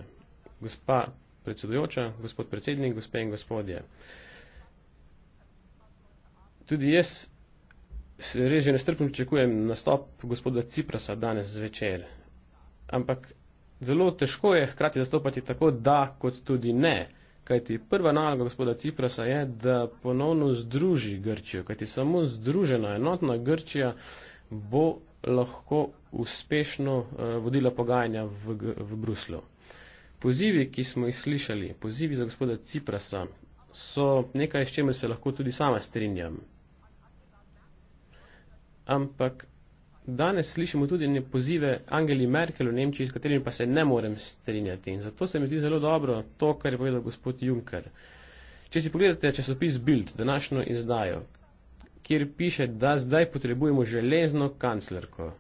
Gospa predsedujoča, gospod predsednik, gospe in gospodje. Tudi jaz Res že nestrpno pričakujem nastop gospoda Ciprasa danes zvečer. Ampak zelo težko je hkrati zastopati tako da, kot tudi ne. Kajti prva naloga gospoda Ciprasa je, da ponovno združi Grčijo. Kajti samo združena, enotna Grčija bo lahko uspešno eh, vodila pogajanja v, v Bruslju. Pozivi, ki smo jih slišali, pozivi za gospoda Ciprasa, so nekaj, s čemer se lahko tudi sama strinjam ampak danes slišimo tudi ne pozive Angeli Merkel v Nemčiji, s katerimi pa se ne morem strinjati. In zato se mi zdi zelo dobro to, kar je povedal gospod Juncker. Če si pogledate časopis Bild, današnjo izdajo, kjer piše, da zdaj potrebujemo železno kanclerko,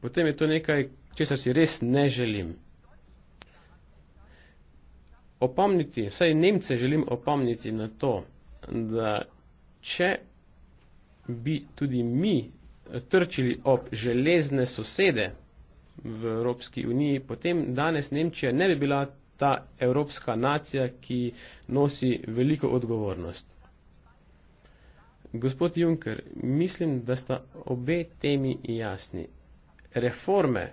potem je to nekaj, česar si res ne želim. Opomniti, vsaj Nemce želim opomniti na to, da če bi tudi mi trčili ob železne sosede v Evropski uniji, potem danes Nemčija ne bi bila ta evropska nacija, ki nosi veliko odgovornost. Gospod Juncker, mislim, da sta obe temi jasni. Reforme,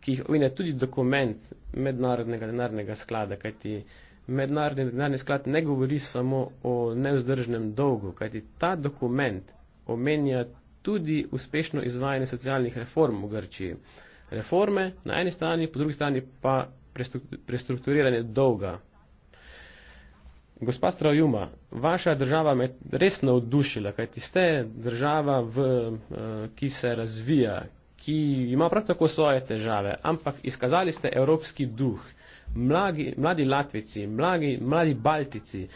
ki jih ovine tudi dokument mednarodnega denarnega sklada, kajti mednarodni denarni sklad ne govori samo o neuzdržnem dolgu, kajti ta dokument omenja tudi uspešno izvajanje socialnih reform v Grčiji. Reforme na eni strani, po drugi strani pa prestrukturiranje dolga. Gospa Strajuma, vaša država me res navdušila, kajti ste država, v, eh, ki se razvija, ki ima prav tako svoje težave, ampak izkazali ste evropski duh. Mlagi, mladi Latvici, mlagi, mladi Baltici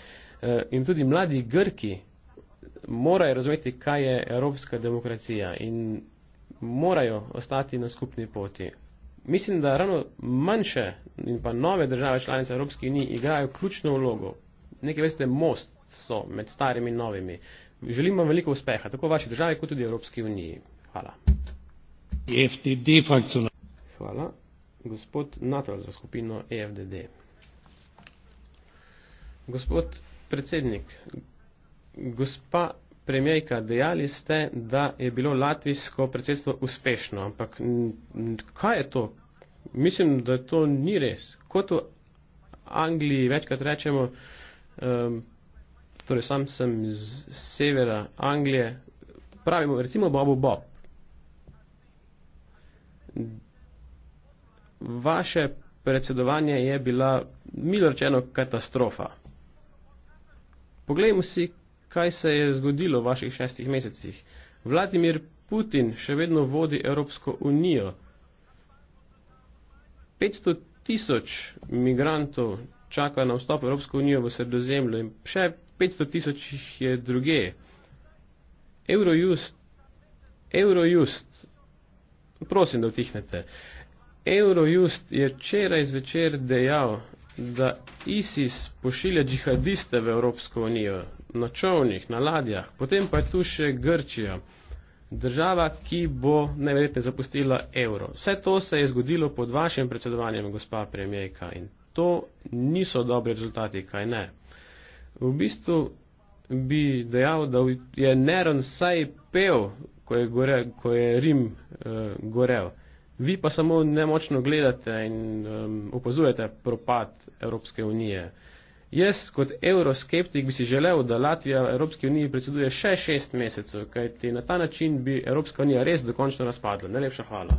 eh, in tudi mladi Grki morajo razumeti, kaj je evropska demokracija in morajo ostati na skupni poti. Mislim, da ravno manjše in pa nove države članice Evropske unije igrajo ključno vlogo. Neke veste, most so med starimi in novimi. Želim vam veliko uspeha, tako vaši državi, kot tudi Evropski uniji. Hvala. E FTD frakcija. Hvala. Gospod Natal za skupino EFDD. Gospod predsednik, Gospa premijajka, dejali ste, da je bilo latvijsko predsedstvo uspešno, ampak kaj je to? Mislim, da to ni res. Kot v Angliji večkrat rečemo, um, torej sam sem iz severa Anglije, pravimo recimo Bobu Bob. Vaše predsedovanje je bila, milo rečeno, katastrofa. Poglejmo si, kaj se je zgodilo v vaših šestih mesecih. Vladimir Putin še vedno vodi Evropsko unijo. 500 tisoč migrantov čaka na vstop Evropsko unijo v sredozemlju in še 500 tisoč jih je druge. Eurojust, Eurojust, prosim, da vtihnete. Eurojust je včeraj zvečer dejal, da ISIS pošilja džihadiste v Evropsko unijo, na čovnih, na ladjah, potem pa je tu še Grčija, država, ki bo neverjetno zapustila evro. Vse to se je zgodilo pod vašim predsedovanjem, gospa premijejka, in to niso dobri rezultati, kaj ne. V bistvu bi dejal, da je Neron saj pev, ko je, gore, ko je Rim uh, gorel vi pa samo nemočno gledate in um, opazujete propad Evropske unije. Jaz kot euroskeptik bi si želel, da Latvija Evropski uniji predseduje še šest mesecev, kajti na ta način bi Evropska unija res dokončno razpadla. Najlepša hvala.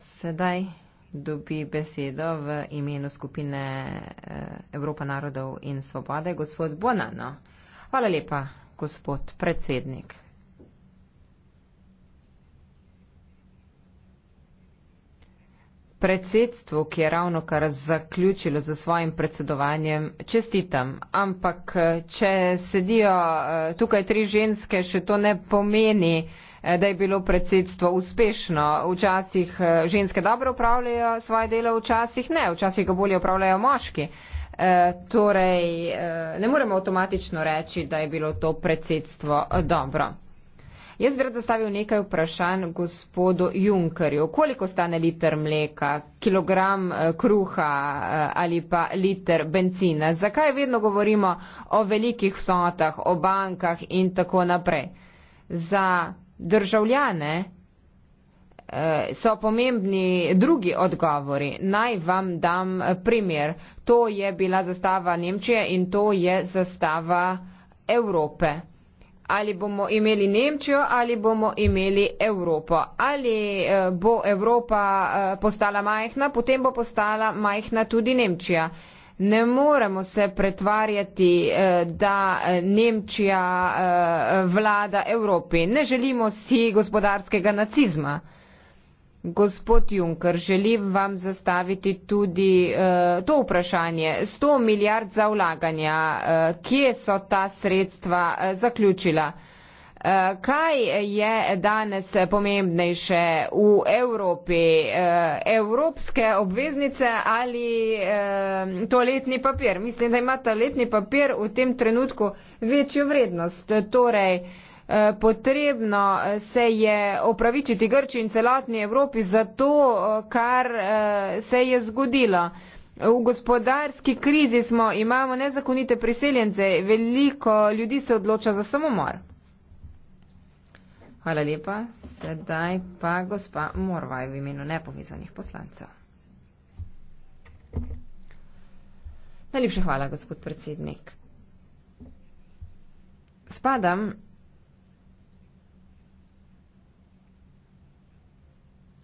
Sedaj dobi besedo v imenu skupine eh, Evropa narodov in svobode gospod Bonano. Hvala lepa, gospod predsednik. Predsedstvu, ki je ravno kar zaključilo za svojim predsedovanjem, čestitam. Ampak, eh, če sedijo eh, tukaj tri ženske, še to ne pomeni, Eh, da je bilo predsedstvo uspešno. Včasih eh, ženske dobro upravljajo svoje delo, včasih ne, včasih ga bolje upravljajo moški. Eh, torej, ne moremo avtomatično reči, da je bilo to predsedstvo dobro. Jaz bi rad zastavil nekaj vprašanj gospodu Junkerju. Koliko stane liter mleka, kilogram kruha ali pa liter benzina? Zakaj vedno govorimo o velikih vsotah, o bankah in tako naprej? Za državljane, eh, so pomembni drugi odgovori. Naj vam dam eh, primer. To je bila zastava Nemčije in to je zastava Evrope. Ali bomo imeli Nemčijo ali bomo imeli Evropo. Ali eh, bo Evropa postala majhna, potem bo postala majhna tudi Nemčija. Ne moremo se pretvarjati, eh, da eh, Nemčija eh, vlada Evropi. Ne želimo si gospodarskega nacizma. Gospod Juncker, želim vam zastaviti tudi to vprašanje. 100 milijard za vlaganja, kje so ta sredstva zaključila? Eh, kaj je danes pomembnejše v Evropi? Eh, evropske obveznice ali eh, toaletni papir? Mislim, da ima toaletni papir v tem trenutku večjo vrednost. Torej, potrebno se je opravičiti Grči in celotni Evropi za to, kar se je zgodilo. V gospodarski krizi smo, imamo nezakonite priseljence, veliko ljudi se odloča za samomor. Hvala lepa. Sedaj pa gospa Morvaj v imenu nepovezanih poslancev. Najlepša hvala, gospod predsednik. Spadam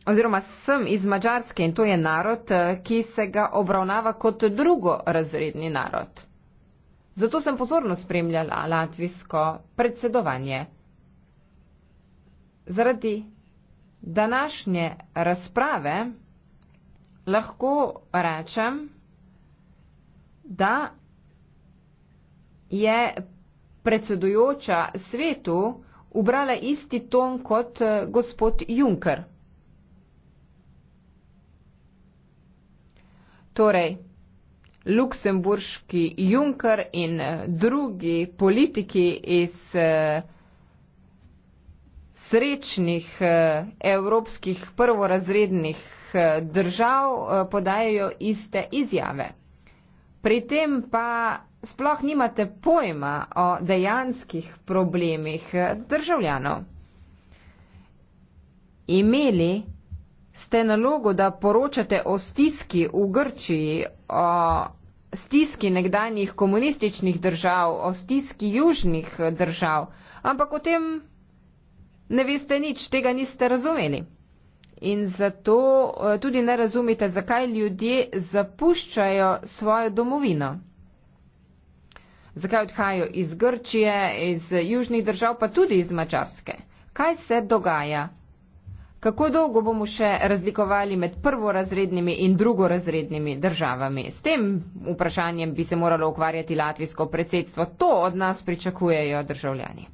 oziroma sem iz Mačarske in to je narod, ki se ga obravnava kot drugorazredni narod. Zato sem pozorno spremljala latvijsko predsedovanje. Zaradi današnje razprave lahko rečem, da je predsedujoča svetu ubrala isti ton kot eh, gospod Juncker. Torej, luksemburški Juncker in eh, drugi politiki iz eh, srečnih eh, evropskih prvorazrednih eh, držav eh, podajajo iste izjave. Pri tem pa sploh nimate pojma o dejanskih problemih državljanov. Imeli ste nalogo, da poročate o stiski v Grčiji, o stiski nekdanjih komunističnih držav, o stiski južnih držav, ampak o tem ne veste nič, tega niste razumeli. In zato eh, tudi ne razumete, zakaj ljudje zapuščajo svojo domovino. Zakaj odhajajo iz Grčije, iz južnih držav, pa tudi iz Mačarske. Kaj se dogaja? Kako dolgo bomo še razlikovali med prvorazrednimi in drugorazrednimi državami? S tem vprašanjem bi se moralo ukvarjati latvijsko predsedstvo. To od nas pričakujejo državljani.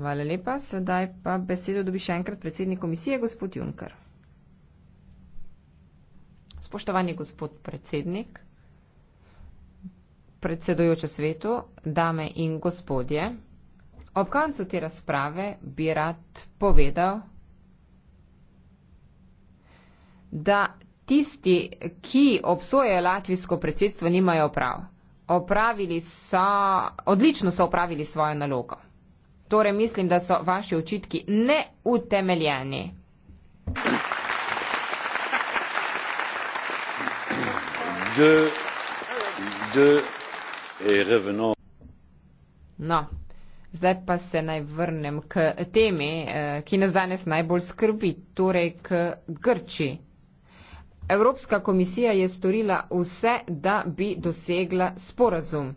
Hvala lepa. Sedaj pa besedo dobi še enkrat predsednik komisije, gospod Junker. Spoštovani gospod predsednik, predsedujoče svetu, dame in gospodje, ob koncu te razprave bi rad povedal, da tisti, ki obsojejo latvijsko predsedstvo, nimajo prav. Opravili so, odlično so opravili svojo nalogo. Torej mislim, da so vaši očitki neutemeljeni. De, de, no, zdaj pa se naj vrnem k temi, eh, ki nas danes najbolj skrbi, torej k Grči. Evropska komisija je storila vse, da bi dosegla sporazum.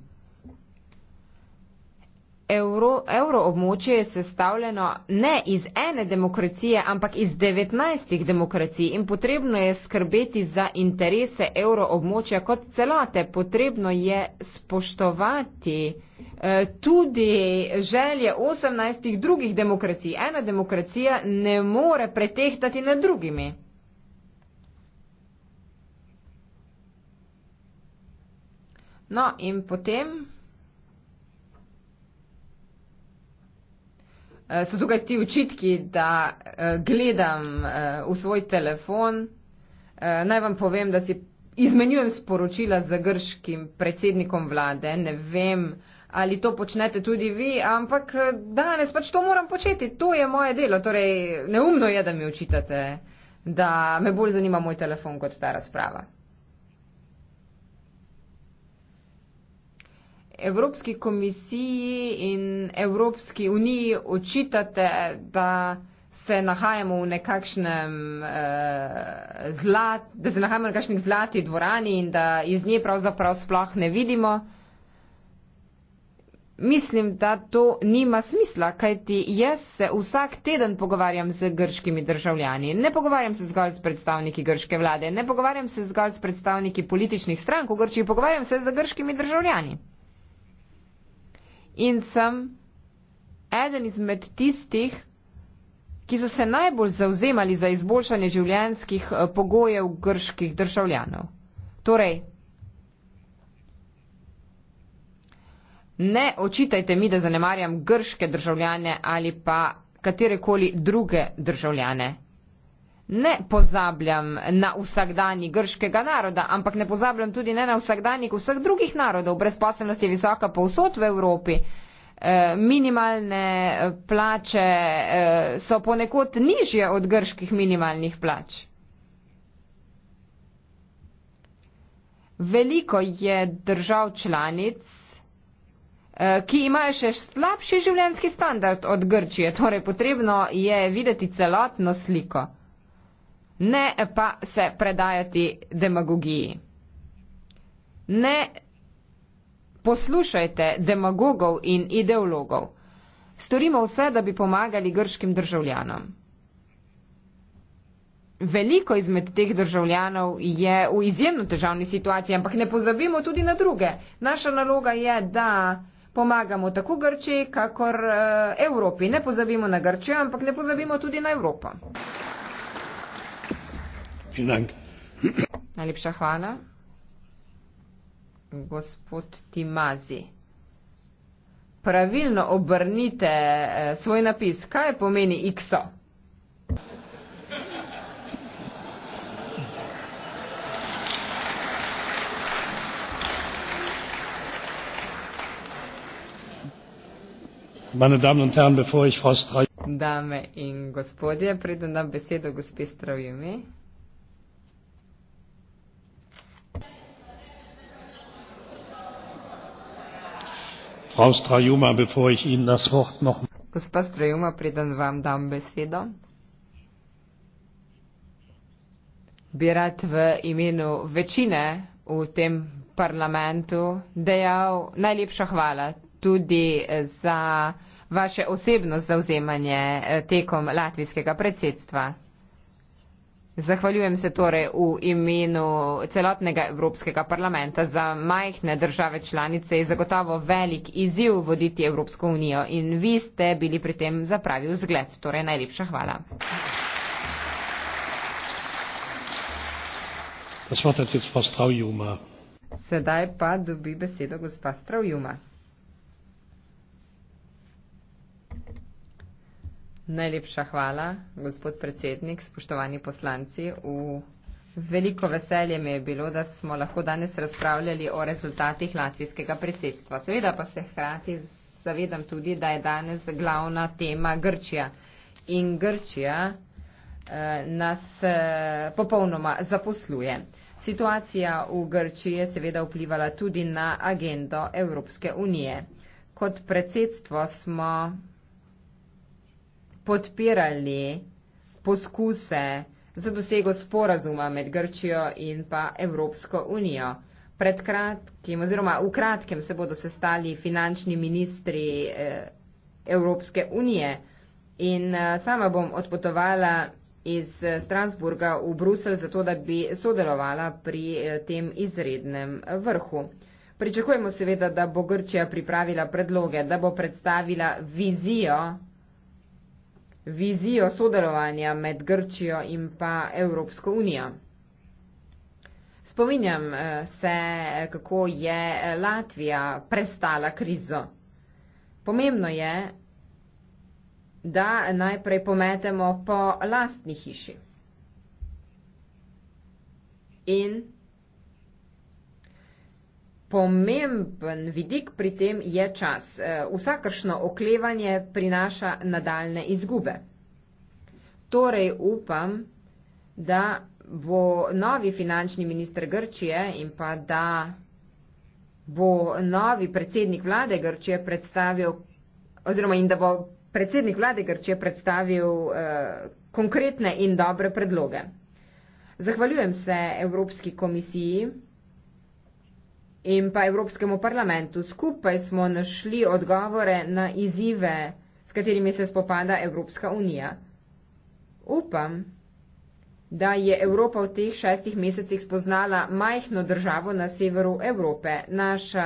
Euro, evroobmočje je sestavljeno ne iz ene demokracije, ampak iz 19 demokracij in potrebno je skrbeti za interese evroobmočja kot celote. Potrebno je spoštovati eh, tudi želje 18 drugih demokracij. Ena demokracija ne more pretehtati nad drugimi. No in potem. Eh, so tukaj ti očitki, da eh, gledam eh, v svoj telefon. Naj vam povem, da si izmenjujem sporočila z grškim predsednikom vlade. Ne vem, ali to počnete tudi vi, ampak danes pač to moram početi. To je moje delo. Torej, neumno je, da mi očitate, da me bolj zanima moj telefon kot ta razprava. Evropski komisiji in Evropski uniji očitate, da se nahajamo v nekakšnem eh, zlat, da se nahajamo v nekakšni zlati dvorani in da iz nje pravzaprav sploh ne vidimo. Mislim, da to nima smisla, kajti jaz se vsak teden pogovarjam z grškimi državljani. Ne pogovarjam se zgolj s predstavniki grške vlade, ne pogovarjam se zgolj s predstavniki političnih strank v Grčiji, pogovarjam se z grškimi državljani in sem eden izmed tistih, ki so se najbolj zauzemali za izboljšanje življenskih eh, pogojev grških državljanov. Torej, ne očitajte mi, da zanemarjam grške državljane ali pa katerekoli druge državljane ne pozabljam na vsakdanji grškega naroda, ampak ne pozabljam tudi ne na vsakdanji vseh drugih narodov. Brezposelnost je visoka povsod v Evropi. Eh, minimalne eh, plače eh, so ponekod nižje od grških minimalnih plač. Veliko je držav članic, ki imajo še slabši življenski standard od Grčije, torej potrebno je videti celotno sliko ne pa se predajati demagogiji. Ne poslušajte demagogov in ideologov. Storimo vse, da bi pomagali grškim državljanom. Veliko izmed teh državljanov je v izjemno težavni situaciji, ampak ne pozabimo tudi na druge. Naša naloga je, da pomagamo tako Grčiji, kakor eh, Evropi. Ne pozabimo na Grčijo, ampak ne pozabimo tudi na Evropo. Najlepša hvala. Gospod Timazi. Pravilno obrnite eh, svoj napis. Kaj pomeni XO? Dame in gospodje, predam besedo gospe Stravimi. Gospa Strajuma, preden vam dam besedo, bi rad v imenu večine v tem parlamentu dejal najlepša hvala tudi eh, za vaše osebno zauzemanje eh, tekom latvijskega predsedstva. Zahvaljujem se torej v imenu celotnega Evropskega parlamenta za majhne države članice je zagotovo velik izziv voditi Evropsko unijo in vi ste bili pri tem zapravi vzgled. Torej najlepša hvala. Sedaj pa dobi besedo gospa Stravjuma. Najlepša hvala, gospod predsednik, spoštovani poslanci. V veliko veselje mi je bilo, da smo lahko danes razpravljali o rezultatih latvijskega predsedstva. Seveda pa se hkrati zavedam tudi, da je danes glavna tema Grčija. In Grčija eh, nas eh, popolnoma zaposluje. Situacija v Grčiji je seveda vplivala tudi na agendo Evropske unije. Kot predsedstvo smo podpirali poskuse za dosego sporazuma med Grčijo in pa Evropsko unijo. Pred kratkim oziroma v kratkem se bodo sestali finančni ministri eh, Evropske unije in eh, sama bom odpotovala iz eh, Strasburga v Brusel, zato da bi sodelovala pri tem izrednem vrhu. Pričakujemo seveda, da bo Grčija pripravila predloge, da bo predstavila vizijo vizijo sodelovanja med Grčijo in pa Evropsko unijo. Spominjam eh, se, kako je eh, Latvija prestala krizo. Pomembno je, da najprej pometemo po lastni hiši. In Pomemben vidik pri tem je čas. E, vsakršno oklevanje prinaša nadaljne izgube. Torej upam, da bo novi finančni minister Grčije in pa da bo novi predsednik vlade Grčije predstavil, oziroma in da bo predsednik vlade Grčije predstavil eh, konkretne in dobre predloge. Zahvaljujem se Evropski komisiji in pa Evropskemu parlamentu. Skupaj smo našli odgovore na izzive, s katerimi se spopada Evropska unija. Upam, da je Evropa v teh šestih mesecih spoznala majhno državo na severu Evrope. Naša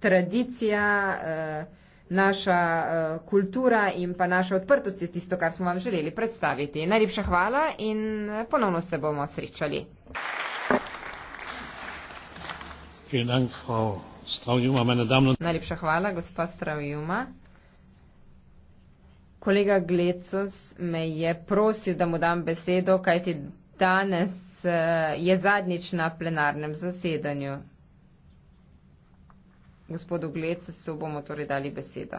tradicija, eh, naša eh, kultura in pa naša odprtost je tisto, kar smo vam želeli predstaviti. Najlepša hvala in eh, ponovno se bomo srečali. Najlepša hvala, gospa Stravjuma. Kolega Glecos me je prosil, da mu dam besedo, kajti danes eh, je zadnjič na plenarnem zasedanju. Gospodu Glecosu bomo torej dali besedo.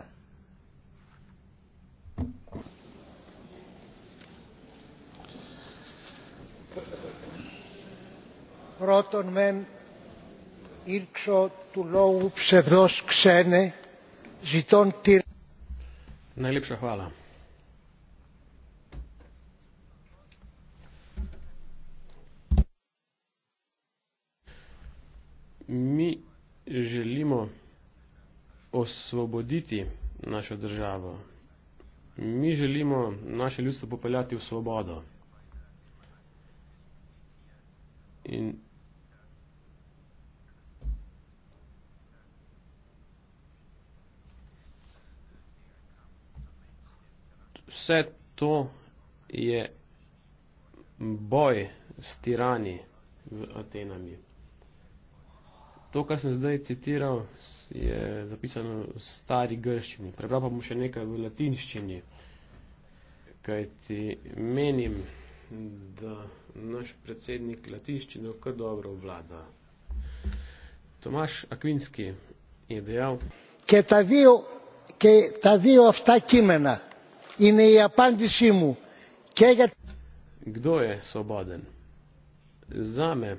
Roton men ήλξω του λόγου ψευδός ξένε, ζητών τη... Να λείψω έχω άλλα. Mi želimo osvoboditi našo državo. Mi želimo naše ljudstvo popeljati v svobodo. In vse to je boj s tirani v Atenami. To, kar sem zdaj citiral, je zapisano v stari grščini. Prebral pa bom še nekaj v latinščini, kajti menim, da naš predsednik latinščino kar dobro vlada. Tomaš Akvinski je dejal, ki je ta vijo v ta kimena in je apandisi mu. Kega... Kdo je svoboden? Zame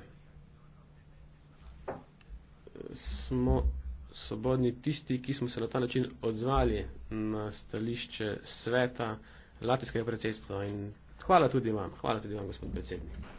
smo svobodni tisti, ki smo se na ta način odzvali na stališče sveta latinskega predsedstva. In hvala tudi vam, hvala tudi vam, gospod predsednik.